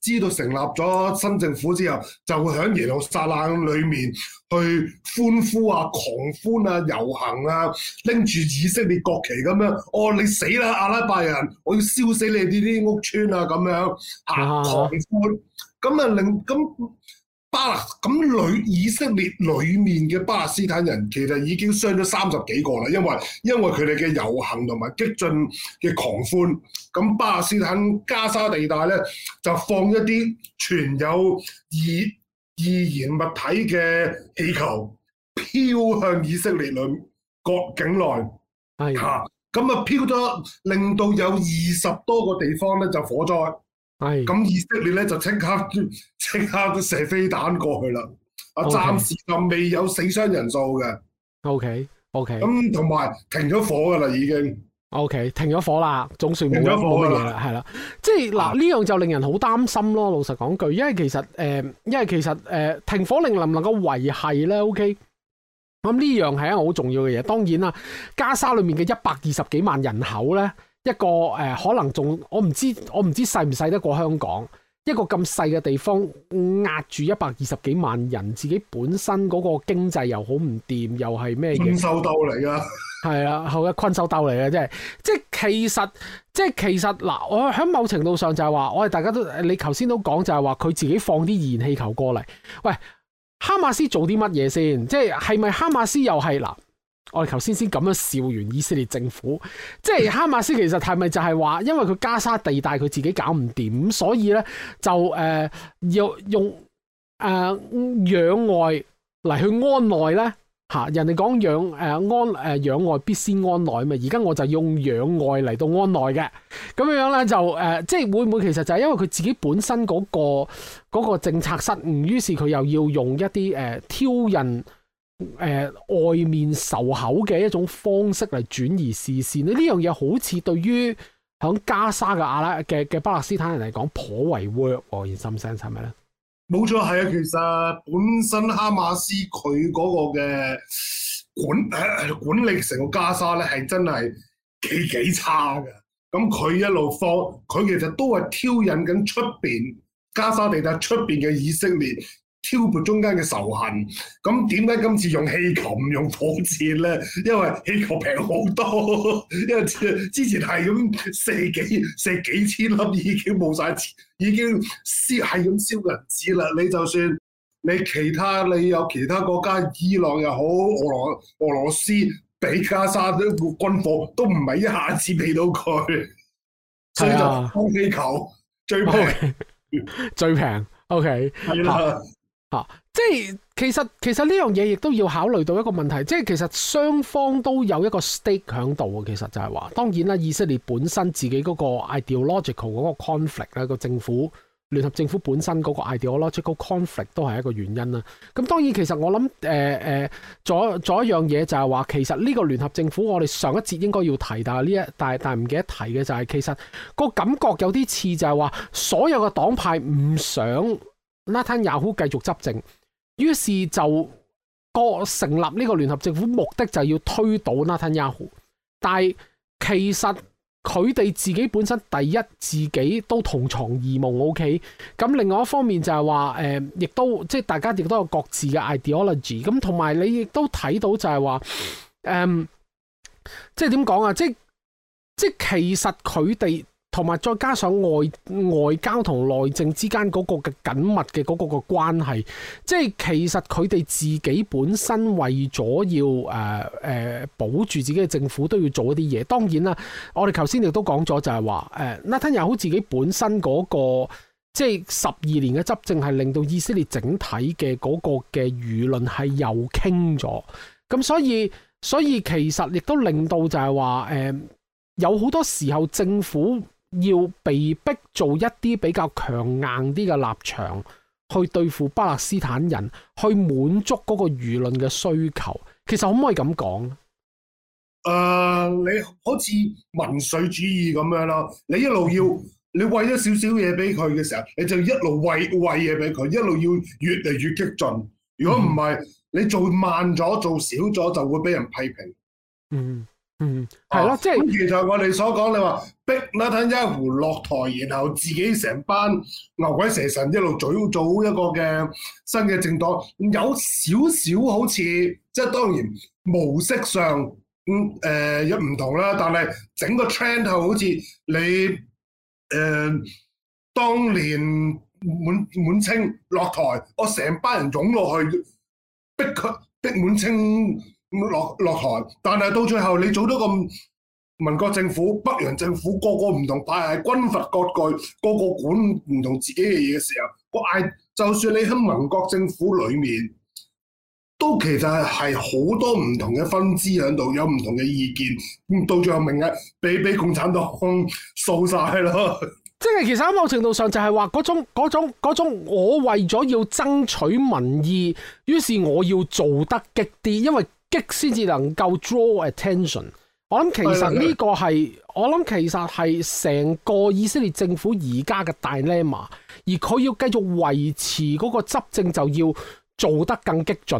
Speaker 2: 知道成立咗新政府之後，就會響耶路撒冷裏面去歡呼啊、狂歡啊、遊行啊，拎住以色列國旗咁樣，哦你死啦阿拉伯人，我要燒死你哋啲屋村啊咁樣啊狂歡，咁啊令咁。巴勒，咁里以色列裏面嘅巴勒斯坦人其實已經傷咗三十幾個啦，因為因為佢哋嘅遊行同埋激進嘅狂歡，咁巴勒斯坦加沙地帶咧就放一啲存有易易燃物體嘅氣球，飄向以色列兩國境內，係吓，咁啊飄咗令到有二十多個地方咧就火災。係咁，以色列咧就即刻即刻射飛彈過去啦。啊，暫時就未有死傷人數嘅。
Speaker 1: O K O K，咁同
Speaker 2: 埋停咗火噶啦，已經。
Speaker 1: O K，停咗火啦，總算停咗火啦，係啦。即係嗱，呢樣就令人好擔心咯。老實講句，因為其實誒，因為其實誒，停火令能唔能夠維係咧？O K，咁呢樣係一個好重要嘅嘢。當然啦，加沙裏面嘅一百二十幾萬人口咧。一個誒、呃，可能仲我唔知，我唔知細唔細得過香港。一個咁細嘅地方，壓住一百二十幾萬人，自己本身嗰個經濟又好唔掂，又係咩嘢？困獸鬥嚟噶，係啊，好嘅，困獸鬥嚟嘅，真、就、係、是。即係其實，即係其實嗱，我喺某程度上就係、是、話，我哋大家都，你頭先都講就係、是、話，佢自己放啲燃氣球過嚟。喂，哈馬斯做啲乜嘢先？即係係咪哈馬斯又係嗱？我哋頭先先咁樣笑完以色列政府，即係哈馬斯其實係咪就係話，因為佢加沙地帶佢自己搞唔掂，咁所以咧就誒、呃、要用誒攘外嚟去安內咧吓，人哋講攘誒安誒攘外必先安內啊嘛，而家我就用攘外嚟到安內嘅，咁樣樣咧就誒、呃，即係會唔會其實就係因為佢自己本身嗰、嗰個、嗰個政策失誤，於是佢又要用一啲誒、呃、挑釁？誒、呃，外面仇口嘅一種方式嚟轉移視線，呢呢樣嘢好似對於響加沙嘅阿拉嘅嘅巴勒斯坦人嚟講頗為 work，in some sense 係咪咧？
Speaker 2: 冇錯，係啊，其實本身哈馬斯佢嗰個嘅管、呃、管理成個加沙咧，係真係幾幾差㗎。咁佢一路放，佢其實都係挑釁緊出邊加沙地帶出邊嘅以色列。挑撥中間嘅仇恨，咁點解今次用氣球唔用火箭咧？因為氣球平好多，因為之前係咁射幾射幾千粒已經冇晒，已經燒係咁燒銀紙啦。你就算你其他你有其他國家，伊朗又好俄羅俄羅斯俾加沙啲軍火，都唔係一下子俾到佢。所以就，空氣球最平，
Speaker 1: 最平。O K。 係、okay。啦 了。 啊、即係其實其實呢樣嘢亦都要考慮到一個問題，即係其實雙方都有一個 state 響度。其實就係話，當然啦，以色列本身自己嗰個 ideological 嗰個 conflict 咧，個政府聯合政府本身嗰個 ideological conflict 都係一個原因啦。咁當然其、呃呃，其實我諗誒誒，再再一樣嘢就係話，其實呢個聯合政府，我哋上一節應該要提，但係呢一但係但係唔記得提嘅就係、是，其實嗰個感覺有啲似就係話，所有嘅黨派唔想。拉坦雅庫繼續執政，於是就個成立呢個聯合政府目的就係要推倒拉坦雅庫，但係其實佢哋自己本身第一自己都同床異夢，OK？咁另外一方面就係話，誒、呃，亦都即係大家亦都有各自嘅 ideology，咁、嗯、同埋你亦都睇到就係話，誒、嗯，即係點講啊？即係即係其實佢哋。同埋再加上外外交同內政之間嗰個嘅緊密嘅嗰個嘅關係，即係其實佢哋自己本身為咗要誒誒、呃呃、保住自己嘅政府，都要做一啲嘢。當然啦，我哋頭先亦都講咗，就係話誒拉特又好自己本身嗰、那個即係十二年嘅執政，係令到以色列整體嘅嗰個嘅輿論係又傾咗。咁所以所以其實亦都令到就係話誒有好多時候政府。要被逼做一啲比較強硬啲嘅立場，去對付巴勒斯坦人，去滿足嗰個輿論嘅需求。其實可唔可以咁講？
Speaker 2: 誒，uh, 你好似民粹主義咁樣啦，你一路要你喂咗少少嘢俾佢嘅時候，你就一路喂喂嘢俾佢，一路要越嚟越激進。如果唔係，你做慢咗，做少咗，mm. mm. uh,，就會俾人批評。嗯嗯，係咯，即係，其實我哋所講，你話。逼嗱，睇一湖落台，然後自己成班牛鬼蛇神一路組組一個嘅新嘅政黨，有少少好似即當然模式上咁誒，有唔同啦，但係整個 trend 好似你誒、呃、當年滿滿清落台，我成班人湧落去逼佢逼滿清落落台，但係到最後你做多咁。民國政府、北洋政府，個個唔同派系、軍閥割據，個個管唔同自己嘅嘢嘅時候，我嗌，就算你喺民國政府裏面，都其實係好多唔同嘅分支喺度，有唔同嘅意見，咁到最後明日俾俾共產黨掃晒咯。
Speaker 1: 即係其實某程度上就係話，嗰種嗰種嗰種，種種我為咗要爭取民意，於是我要做得激啲，因為激先至能夠 draw attention。我諗其實呢個係我諗其實係成個以色列政府現在的 mma, 而家嘅大 lemma 而佢要繼續維持嗰個執政，就要做得更激進。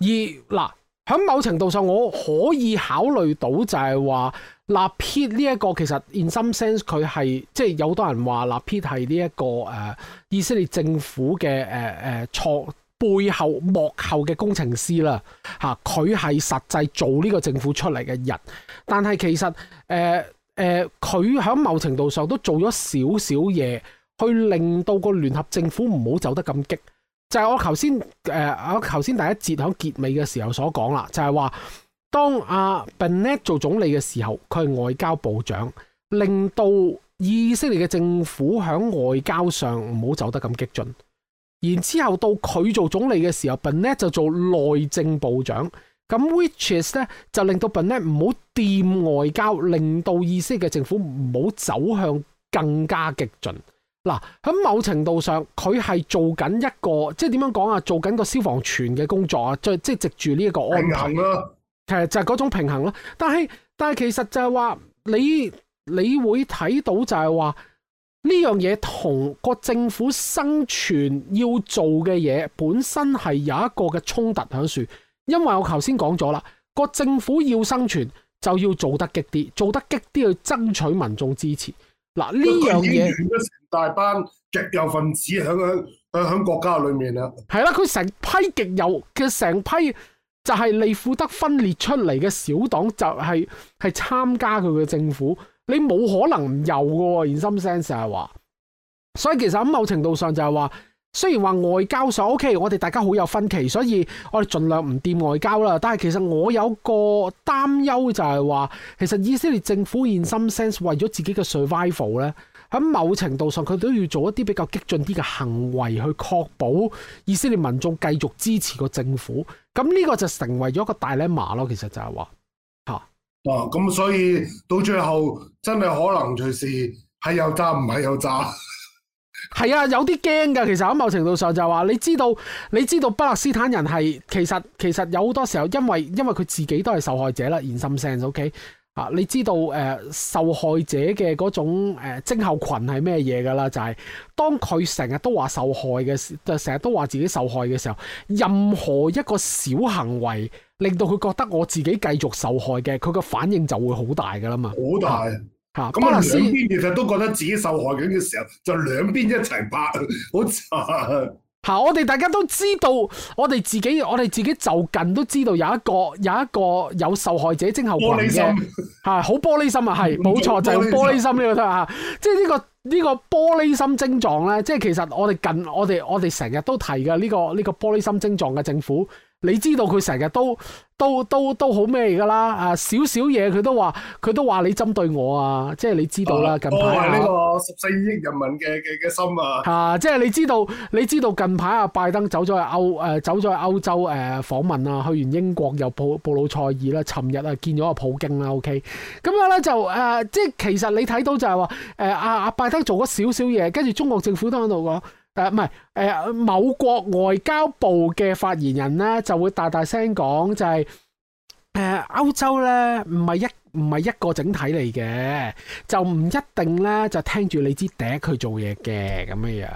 Speaker 1: 而嗱，喺某程度上，我可以考慮到就係話立 pit 呢一個其實 in some sense 佢係即係有多人話立 pit 係呢一個誒、呃、以色列政府嘅誒誒錯。呃呃背後幕後嘅工程師啦，吓佢係實際做呢個政府出嚟嘅人，但係其實誒誒，佢喺某程度上都做咗少少嘢，去令到個聯合政府唔好走得咁激。就係我頭先誒，我頭先第一節響結尾嘅時候所講啦，就係話當阿 Bennett 做總理嘅時候，佢係外交部長，令到以色列嘅政府響外交上唔好走得咁激進。然之後到佢做總理嘅時候，Bennett 就做內政部長，咁 Whiches 咧就令到 Bennett 唔好掂外交，令到意識嘅政府唔好走向更加激進，嗱，喺、啊、某程度上，佢係做緊一個，即係點樣講啊？做緊個消防船嘅工作啊，即係即係藉住呢一個安排，平衡啊。其實就係嗰種平衡啦，但係但係其實就係話你你會睇到就係話。呢樣嘢同個政府生存要做嘅嘢本身係有一個嘅衝突喺度，因為我頭先講咗啦，個政府要生存就要做得激啲，做得激啲去爭取民眾支持。嗱，呢樣嘢
Speaker 2: 成大班極右分子響響國家裏面啦，
Speaker 1: 係啦，佢成批極右嘅成批就係利庫德分裂出嚟嘅小黨，就是，就係係參加佢嘅政府。你冇可能唔有㗎喎，in some sense 係話，所以其實喺某程度上就係話，雖然話外交上 OK，我哋大家好有分歧，所以我哋盡量唔掂外交啦。但係其實我有個擔憂就係話，其實以色列政府 in some sense 為咗自己嘅 survival 呢，喺某程度上佢都要做一啲比較激進啲嘅行為去確保以色列民眾繼續支持個政府。咁呢個就成為咗個大 dilemma 咯，其實就係話。
Speaker 2: 咁、哦、所以到最後真係可能隨時係有炸，唔係有炸，係啊，有
Speaker 1: 啲驚㗎。其實喺某程度上就話，你知道，你知道巴勒斯坦人係其實其實有好多時候，因為因為佢自己都係受害者啦，言心聲就 OK。啊，你知道誒、呃、受害者嘅嗰種誒、呃、症候群係咩嘢噶啦？就係、是、當佢成日都話受害嘅，就成日都話自己受害嘅時候，任何一個小行為令到佢覺得我自己繼續受害嘅，佢個反應就會好大噶啦嘛。好
Speaker 2: 大，咁能、啊、兩邊其實都覺得自己受害緊嘅時候，就兩邊一齊拍，好慘。
Speaker 1: 吓！我哋大家都知道，我哋自己，我哋自己就近都知道有一個，有一個有受害者症候群嘅吓，好玻璃心啊，係冇錯就玻璃心呢個啦吓，即係呢個呢個玻璃心症狀咧，即係其實我哋近我哋我哋成日都提嘅呢個呢個玻璃心症狀嘅政府。你知道佢成日都都都都好咩嘢噶啦？啊，少少嘢佢都話佢都話你針對我啊！即係你知道啦，哦、近排係呢、哦、個
Speaker 2: 十四億人民嘅嘅嘅心啊！吓、啊，
Speaker 1: 即係你知道，你知道近排啊，拜登走咗去歐誒，走咗去歐洲誒訪、呃呃、問啊，去完英國又布布魯塞爾啦，尋日啊見咗阿普京啦。O K，咁樣咧就誒、呃，即係其實你睇到就係話誒，阿、呃、阿拜登做咗少少嘢，跟住中國政府都喺度講。誒，唔係誒，某國外交部嘅發言人咧，就會大大聲講，就係，就係誒歐洲咧，唔係一唔係一個整體嚟嘅，就唔一定咧，就聽住你支笛去做嘢嘅咁樣樣。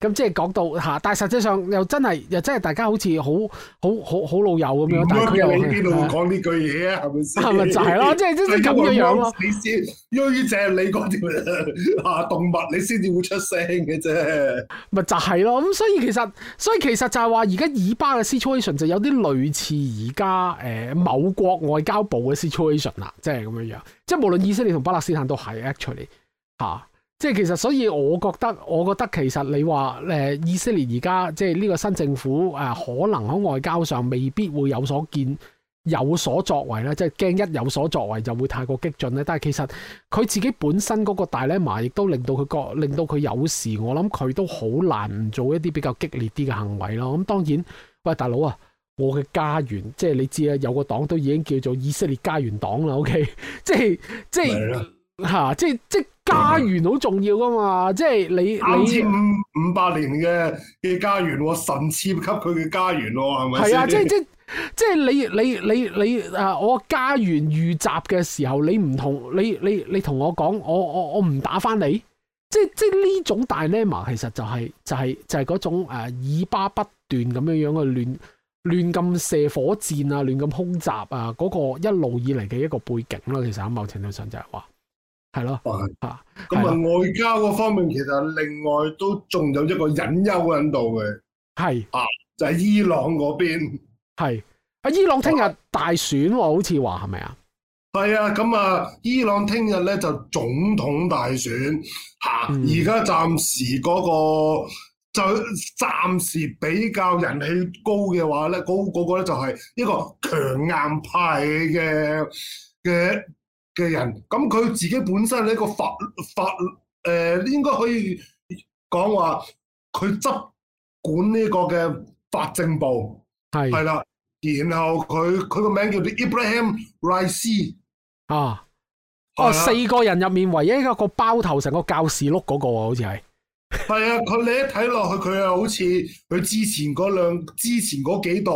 Speaker 1: 咁即係講到吓，但係實際上又真係，又真係大家好似好好好好老友
Speaker 2: 咁樣。但佢又喺邊度會講呢句嘢啊？係咪先？係咪就係咯？即係即係咁樣樣咯。你先衰你嗰條啊動物，你先至會出聲嘅啫。
Speaker 1: 咪就係咯。咁所以其實，所以其實就係話而家以巴嘅 situation 就有啲類似而家誒某國外交部嘅 situation 啦。即係咁樣樣。即係無論以色列同巴勒斯坦都係 actually 吓。即係其實，所以我覺得，我覺得其實你話誒，以色列而家即係呢個新政府誒，可能喺外交上未必會有所見，有所作為咧。即係驚一有所作為就會太過激進咧。但係其實佢自己本身嗰個大咧麻，亦都令到佢個令到佢有事。我諗佢都好難唔做一啲比較激烈啲嘅行為咯。咁當然，喂，大佬啊，我嘅家園，即係你知啊，有個黨都已經叫做以色列家園黨啦。OK，即係即係。
Speaker 2: 吓，即係即係家園好重要噶嘛，即係你千五五百年嘅嘅家園，神賜給佢嘅家園咯，係咪係啊，即係即係、嗯、
Speaker 1: 即係你你是是、啊、你你啊！我家園遇襲嘅時候，你唔同你你你同我講，我我我唔打翻你，即係即係呢種大 lemmer，其實就係、是、就係、是、就係、是、嗰種誒，以、呃、巴不斷咁樣樣去亂亂咁射火箭啊，亂咁空襲啊，嗰、那個一路以嚟嘅一個背景啦、啊，其實在某程度上就係、是、話。係咯，啊，
Speaker 2: 咁啊的，的的外交嗰方面其實另外都仲有一個隱憂喺度嘅，係啊的，就係、是、伊朗嗰邊，係
Speaker 1: 啊，伊朗聽日大選，的好似話係咪啊？
Speaker 2: 係啊，咁啊，伊朗聽日咧就總統大選，吓、啊，而家暫時嗰、那個就暫時比較人氣高嘅話咧，嗰嗰、那個咧就係一個強硬派嘅嘅。的嘅人，咁佢自己本身呢個法法誒、呃，應該可以講話佢執管呢個嘅法政部係係啦，然後佢佢個名字叫做 Ibrahim Raisi 啊，啊的、哦、四
Speaker 1: 個人入面唯一一個包頭成個教士碌嗰、那個啊，好似
Speaker 2: 係係啊，佢你一睇落去佢又好似佢之前嗰兩之前嗰幾代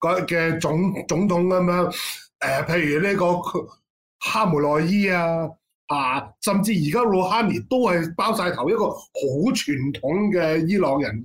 Speaker 2: 嘅嘅總總統咁樣誒、呃，譬如呢、這個。哈梅內伊啊，啊，甚至而家羅哈尼都係包晒頭，一個好傳統嘅伊朗人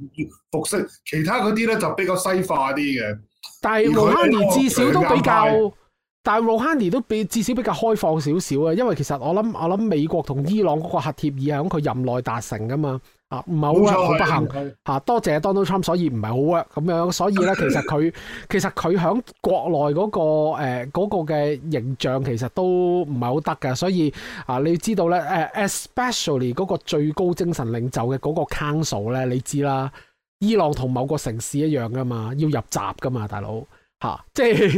Speaker 2: 服飾，其他嗰啲咧就比較西化啲嘅。但係羅哈尼至少都比較，
Speaker 1: 但係羅哈尼都比至少比較開放少少啊，因為其實我諗我諗美國同伊朗嗰個核協議係喺佢任內達成噶嘛。唔係、啊、好屈，好不幸嚇、啊。多謝 Donald Trump，所以唔係好 work。咁樣。所以咧，其實佢 其實佢喺國內嗰、嗰個誒嘅、呃嗰個、形象其實都唔係好得嘅。所以啊，你知道咧誒，especially 嗰個最高精神領袖嘅嗰個 Council 咧，你知啦，伊朗同某個城市一樣噶嘛，要入閘噶嘛，大佬嚇，即係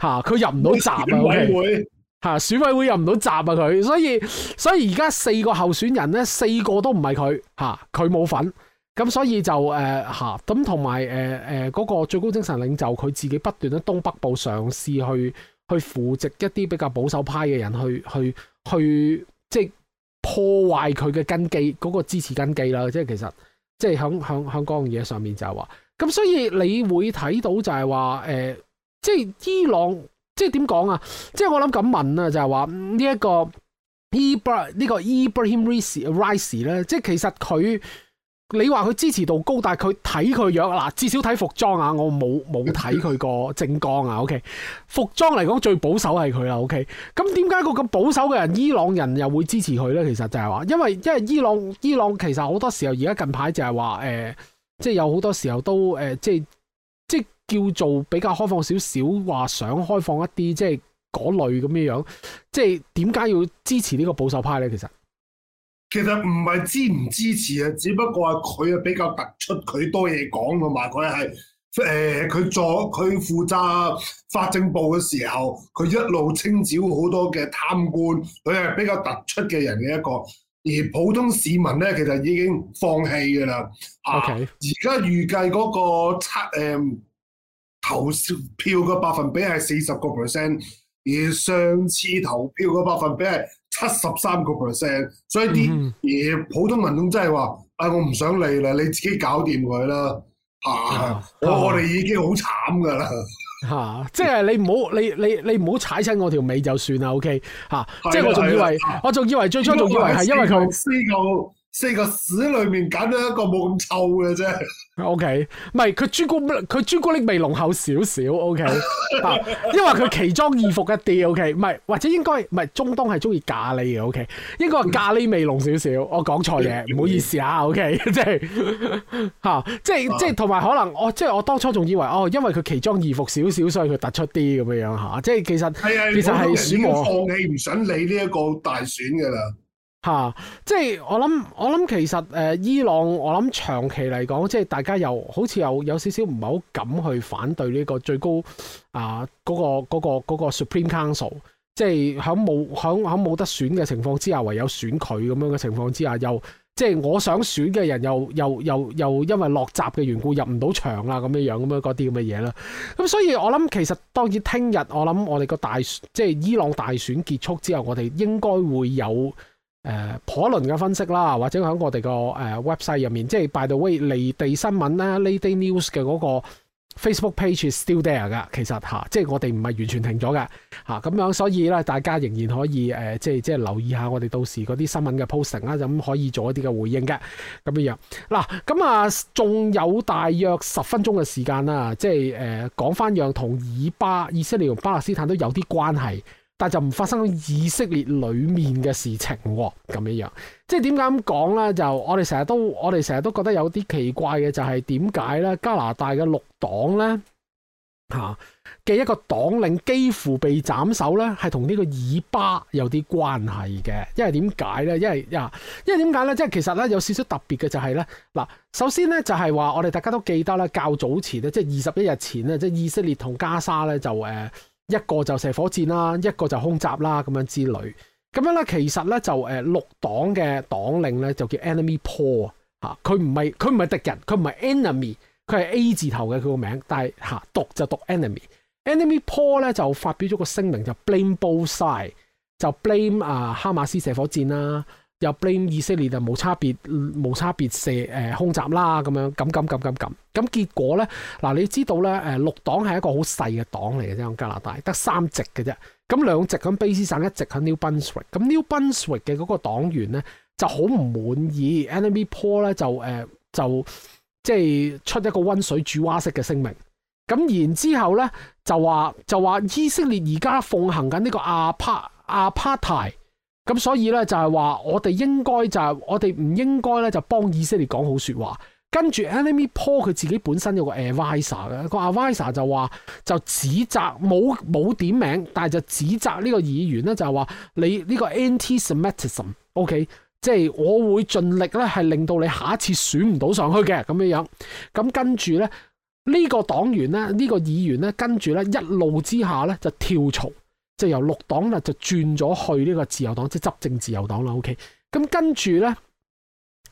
Speaker 1: 嚇佢入唔到閘啊！會吓、啊，選委會入唔到閘啊！佢，所以所以而家四個候選人咧，四個都唔係佢，吓，佢冇份，咁所以就誒吓，咁同埋誒誒嗰個最高精神領袖佢自己不斷喺東北部嘗試去去扶植一啲比較保守派嘅人去去去，即係破壞佢嘅根基嗰、嗰個支持根基啦，即係其實即係響響嗰樣嘢上面就係話，咁所以你會睇到就係話誒，即係伊朗。即係點講啊？即係我諗咁問啊，就係話呢一個 Ebrahim 呢個 Ebrahim Raisi 咧，即係其實佢你話佢支持度高，但係佢睇佢樣嗱，至少睇服裝啊，我冇冇睇佢個政綱啊。OK，服裝嚟講最保守係佢啦。OK，咁點解個咁保守嘅人伊朗人又會支持佢咧？其實就係話，因為因為伊朗伊朗其實好多時候而家近排就係話誒，即係有好多時候都誒、呃，即係。叫做比較開放少少，話想開放一啲，即係嗰類咁樣樣。即係點解要支持呢個保守派咧？其實
Speaker 2: 其實唔係支唔支持啊，只不過係佢啊比較突出，佢多嘢講同埋佢係誒佢做佢負責法政部嘅時候，佢一路清剿好多嘅貪官，佢係比較突出嘅人嘅一個。而普通市民咧，其實已經放棄㗎喇。OK，而家預計嗰個七誒。呃投票嘅百分比係四十個 percent，而上次投票嘅百分比係七十三個 percent，所以啲嘢普通民眾真係話，嗯、哼啊我唔想理啦，你自己搞掂佢啦，吓、啊啊、我、啊、我哋已經好慘噶啦，
Speaker 1: 吓、啊、即係你唔好你你你唔好踩親我條尾就算啦，ok 吓、啊，即係我仲以為我仲以為、啊、最初仲以為係因為佢
Speaker 2: 呢個。四個屎裏面揀
Speaker 1: 到一個冇咁臭嘅啫。OK，唔係佢朱古，佢朱古力味濃厚少少。OK， 因為佢奇裝異服一啲。OK，唔係或者應該唔係中東係中意咖喱嘅。OK，應該係咖喱味濃少少。 我講錯嘢，唔 好意思，okay? 啊。OK，即係吓，即係即係，同埋可能我即係我當初仲以為哦，因為佢奇裝異服少少，所以佢突出啲咁樣樣吓。即係其實係啊，是的其實係已經放
Speaker 2: 棄唔想理呢一個大選
Speaker 1: 噶啦。吓、啊，即係我諗，我諗其實誒、呃，伊朗我諗長期嚟講，即係大家又好似有有少少唔係好敢去反對呢個最高啊嗰個嗰個嗰個 Supreme Council，即係響冇響響冇得選嘅情況之下，唯有選佢咁樣嘅情況之下，又即係我想選嘅人又，又又又又因為落閘嘅緣故入唔到場啦，咁樣樣咁樣嗰啲咁嘅嘢啦。咁所以我諗，其實當然聽日我諗我哋個大即係伊朗大選結束之後，我哋應該會有。誒，頗輪嘅分析啦，或者喺我哋個誒 website 入面，即係 by the way，離地新聞啦 Lady News 嘅嗰個 Facebook page is still there 噶，其實吓、啊，即係我哋唔係完全停咗嘅吓，咁、啊、樣，所以咧，大家仍然可以誒、呃，即係即係留意一下我哋到時嗰啲新聞嘅 posting 啦、啊，咁可以做一啲嘅回應嘅，咁樣。嗱，咁啊，仲有大約十分鐘嘅時間啦，即係誒，講翻讓同以巴、以色列同巴勒斯坦都有啲關係。但就唔發生喺以色列裏面嘅事情喎、啊，咁樣樣，即係點解咁講咧？就我哋成日都，我哋成日都覺得有啲奇怪嘅，就係點解咧？加拿大嘅綠黨咧，嘅、啊、一個黨領幾乎被斬首咧，係同呢個以巴有啲關係嘅，因為點解咧？因為呀，因為點解咧？即係其實咧有少少特別嘅就係咧，嗱，首先咧就係、是、話我哋大家都記得咧，較早前咧，即係二十一日前咧，即、就、係、是、以色列同加沙咧就、呃一個就射火箭啦，一個就空襲啦，咁樣之類。咁樣咧，其實咧就誒綠黨嘅黨領咧就叫 Enemy Paul 吓，佢唔係佢唔係敵人，佢唔係 Enemy，佢係 A 字頭嘅佢個名，但係吓、啊、讀就讀 Enemy，Enemy、啊、Paul 咧就發表咗個聲明，就 Blame Both Sides，就 Blame 啊哈馬斯射火箭啦。啊有 blame 以色列就冇差別冇差別射誒、呃、空襲啦咁樣，咁咁咁咁咁咁結果咧嗱，你知道咧綠、呃、黨係一個好細嘅黨嚟嘅啫，我加拿大得三席嘅啫，咁兩席喺卑詩省，一席喺 New Brunswick，咁 New Brunswick 嘅嗰個黨員咧就好唔滿意 Annamie Paul 咧就、呃、就即係出一個温水煮蛙式嘅聲明，咁然之後咧就話就話以色列而家奉行緊呢個阿帕阿帕台。咁所以咧就係、是、話我哋應該就係、是、我哋唔應該咧就幫以色列講好說話，跟住 Anthony Paul 佢自己本身有個 advisor 嘅個 advisor 就話就指責冇冇點名，但係就指責呢個議員咧就係、是、話你呢、這個 antisemitism，ok，、okay? 即係我會盡力咧係令到你下一次選唔到上去嘅咁樣樣，咁跟住咧呢、這個黨員咧呢、這個議員咧跟住咧一怒之下咧就跳槽。即係由綠黨啦，就轉咗去呢個自由黨，即係執政自由黨啦。O K，咁跟住咧，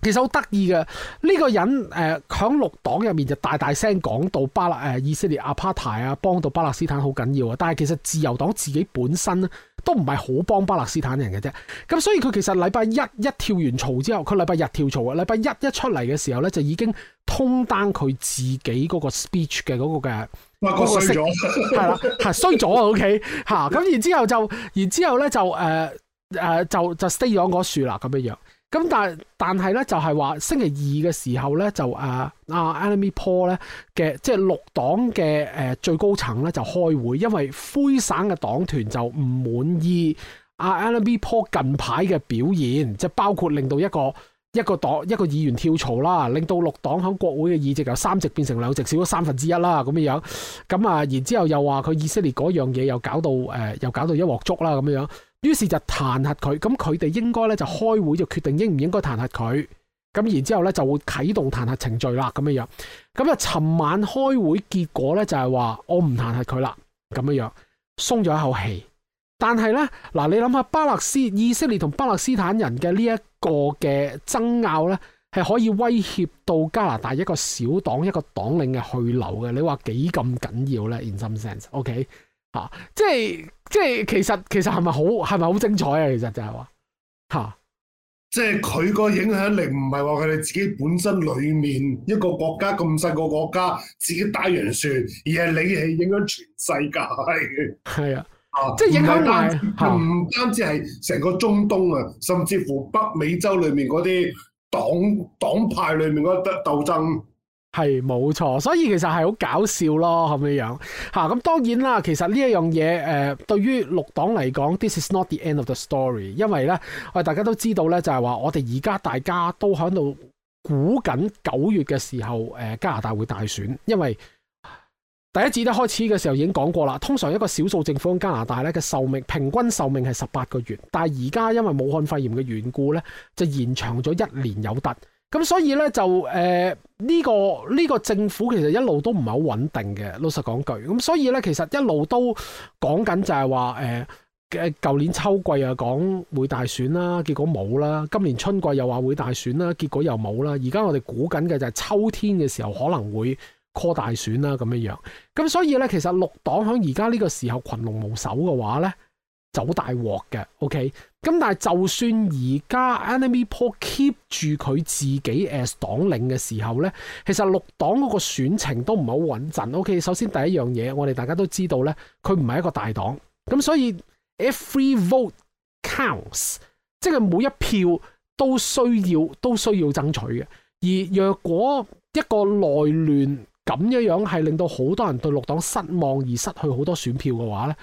Speaker 1: 其實好得意嘅呢個人，誒、呃，響綠黨入面就大大聲講到巴勒誒、呃、以色列阿帕塔啊，幫到巴勒斯坦好緊要啊。但係其實自由黨自己本身咧都唔係好幫巴勒斯坦人嘅啫。咁所以佢其實禮拜一一跳完槽之後，佢禮拜日跳槽啊。禮拜一一出嚟嘅時候咧，就已經通單佢自己嗰個 speech 嘅嗰個嘅。咪嗰、啊那個衰咗，係、okay、啦，係衰咗啊！O K，吓咁，然之後就，然之後咧就誒誒、呃呃，就就 stay 咗嗰樹啦，咁樣樣。咁但係但係咧，就係、是、話星期二嘅時候咧，就啊啊、呃、Annie Paul 咧嘅即係綠黨嘅誒、呃、最高層咧就開會，因為灰省嘅黨團就唔滿意啊 Annie Paul 近排嘅表現，即係包括令到一個一個黨一個議員跳槽啦，令到六黨喺國會嘅議席由三席變成兩席，少咗三分之一啦，咁樣樣。咁啊，然之後又話佢以色列嗰樣嘢又搞到誒、呃，又搞到一鑊粥啦，咁樣。於是就彈劾佢，咁佢哋應該咧就開會就決定應唔應該彈劾佢。咁然之後咧就會啟動彈劾程序啦，咁樣樣。咁啊，尋晚開會結果咧就係話我唔彈劾佢啦，咁樣樣，鬆咗一口氣。但係咧，嗱，你諗下巴勒斯以色列同巴勒斯坦人嘅呢一個嘅爭拗咧，係可以威脅到加拿大一個小黨一個黨領嘅去留嘅。你話幾咁緊要咧？In some sense，OK，、okay? 吓、啊，即係即係，其實其實係咪好係咪好精彩啊？其實就係話
Speaker 2: 吓，即係佢個影響力唔係話佢哋自己本身裏面一個國家咁細個國家自己打完算，而係你係影響全世界嘅。係啊。啊、即係影響唔單唔單止係成、啊、個中東啊，甚至乎北美洲裏面嗰啲黨黨派裏面嗰啲鬥爭，
Speaker 1: 係冇錯。所以其實係好搞笑咯，咁樣樣吓。咁、啊、當然啦，其實呢一樣嘢，誒、呃，對於綠黨嚟講，this is not the end of the story，因為咧，我哋大家都知道咧，就係話我哋而家大家都喺度估緊九月嘅時候，誒、呃，加拿大會大選，因為。第一節都開始嘅時候已經講過啦，通常一個少數政府，加拿大咧嘅壽命平均壽命係十八個月，但係而家因為武漢肺炎嘅緣故咧，就延長咗一年有突，咁所以咧就誒呢、呃這個呢、這個政府其實一路都唔係好穩定嘅，老實講句，咁所以咧其實一路都講緊就係話誒舊年秋季啊講會大選啦，結果冇啦，今年春季又話會大選啦，結果又冇啦，而家我哋估緊嘅就係秋天嘅時候可能會。call 大選啦咁樣樣，咁所以咧，其實綠黨喺而家呢個時候群龍無首嘅話咧，就好大鑊嘅。OK，咁但係就算而家 Annamie Paul keep 住佢自己誒黨領嘅時候咧，其實綠黨嗰個選情都唔係好穩陣。OK，首先第一樣嘢，我哋大家都知道咧，佢唔係一個大黨，咁所以 Every vote counts，即係每一票都需要都需要爭取嘅。而若果一個內亂，咁樣樣係令到好多人對綠黨失望而失去好多選票嘅話呢，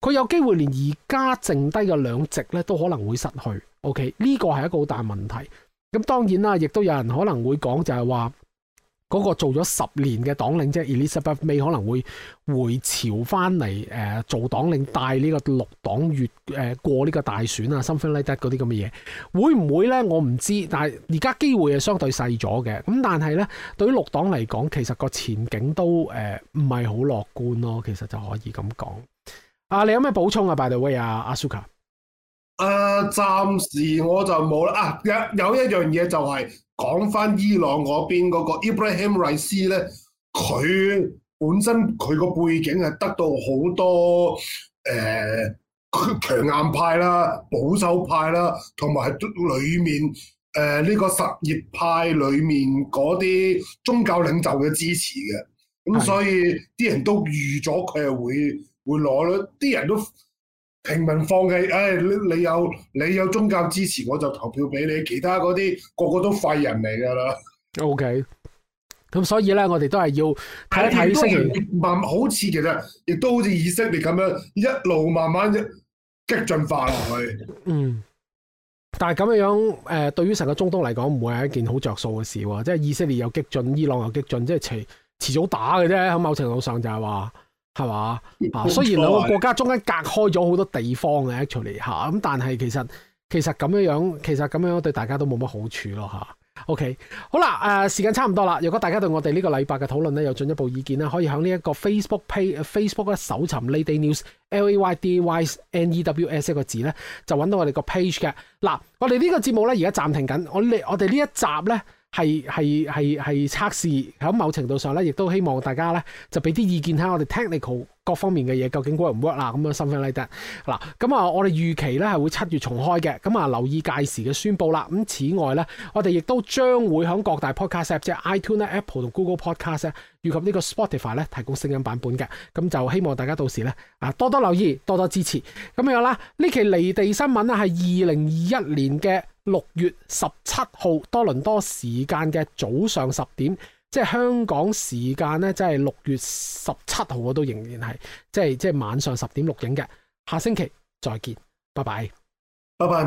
Speaker 1: 佢有機會連而家剩低嘅兩席呢都可能會失去。OK，呢個係一個好大問題。咁當然啦，亦都有人可能會講就係話。嗰個做咗十年嘅黨領即係、就是、Elizabeth May 可能會回潮翻嚟，誒做黨領帶呢個綠黨，越誒過呢個大選啊 something like that 嗰啲咁嘅嘢會唔會咧，我唔知，但係而家機會係相對細咗嘅，咁但係咧對於綠黨嚟講，其實個前景都誒唔係好樂觀咯，其實就可以咁講。啊，你有咩補充啊？By the way 啊，阿 Asuka
Speaker 2: 誒，暫時我就冇啦。啊，有有一樣嘢就係講翻伊朗嗰邊嗰個伊布拉希姆瑞斯咧，佢本身佢個背景係得到好多誒強硬派啦、保守派啦，同埋係裏面誒呢個實業派裏面嗰啲宗教領袖嘅支持嘅。咁所以啲人都預咗佢係會會攞咯，啲人都。平民放棄，誒、哎，你你有你有宗教支持，我就投票俾你。其他嗰啲個個都廢人嚟噶啦。
Speaker 1: O K，咁所以咧，我哋都係
Speaker 2: 要睇一睇。以色列慢，好似其實亦都好似以色列咁樣，一路慢慢激進化落去。嗯，
Speaker 1: 但係咁嘅樣，誒，對於成個中東嚟講，唔會係一件很好着數嘅事喎、啊。即係以色列又激進，伊朗又激進，即係遲遲早打嘅啫。喺某程度上就係話。係嘛啊？嗯，雖然兩個國家中間隔開咗好多地方嘅 actually 吓，咁但係其實其實咁樣樣，其實咁樣樣對大家都冇乜好處咯吓。OK，好啦，誒，時間差唔多啦。如果大家對我哋呢個禮拜嘅討論咧有進一步意見咧，可以喺呢一個 Facebook page, Facebook page Facebook 咧搜尋 Lady News L, new s, L A Y D Y S N E W S 一個字咧，就揾到我哋個 page 嘅。嗱，我哋呢個節目咧而家暫停緊，我我哋呢一集咧。係係係係測試，喺某程度上咧，亦都希望大家咧就俾啲意見，睇我哋 technical 各方面嘅嘢究竟 work 唔 work 啦，咁啊，十分嚟得嗱，咁啊、like，我哋預期咧係會七月重開嘅，咁啊，留意屆時嘅宣佈啦。咁此外咧，我哋亦都將會喺各大 pod cast, une, Apple, podcast app 即係 iTunes Apple 同 Google podcast 咧，以及個呢個 Spotify 咧提供聲音版本嘅。咁就希望大家到時咧啊多多留意，多多支持。咁樣啦，呢期離地新聞呢係二零二一年嘅。六月十七號多倫多時間嘅早上十點，即係香港時間咧，即係六月十七號我都仍然係即係即係晚上十點錄影嘅。下星期再見，拜拜，拜拜，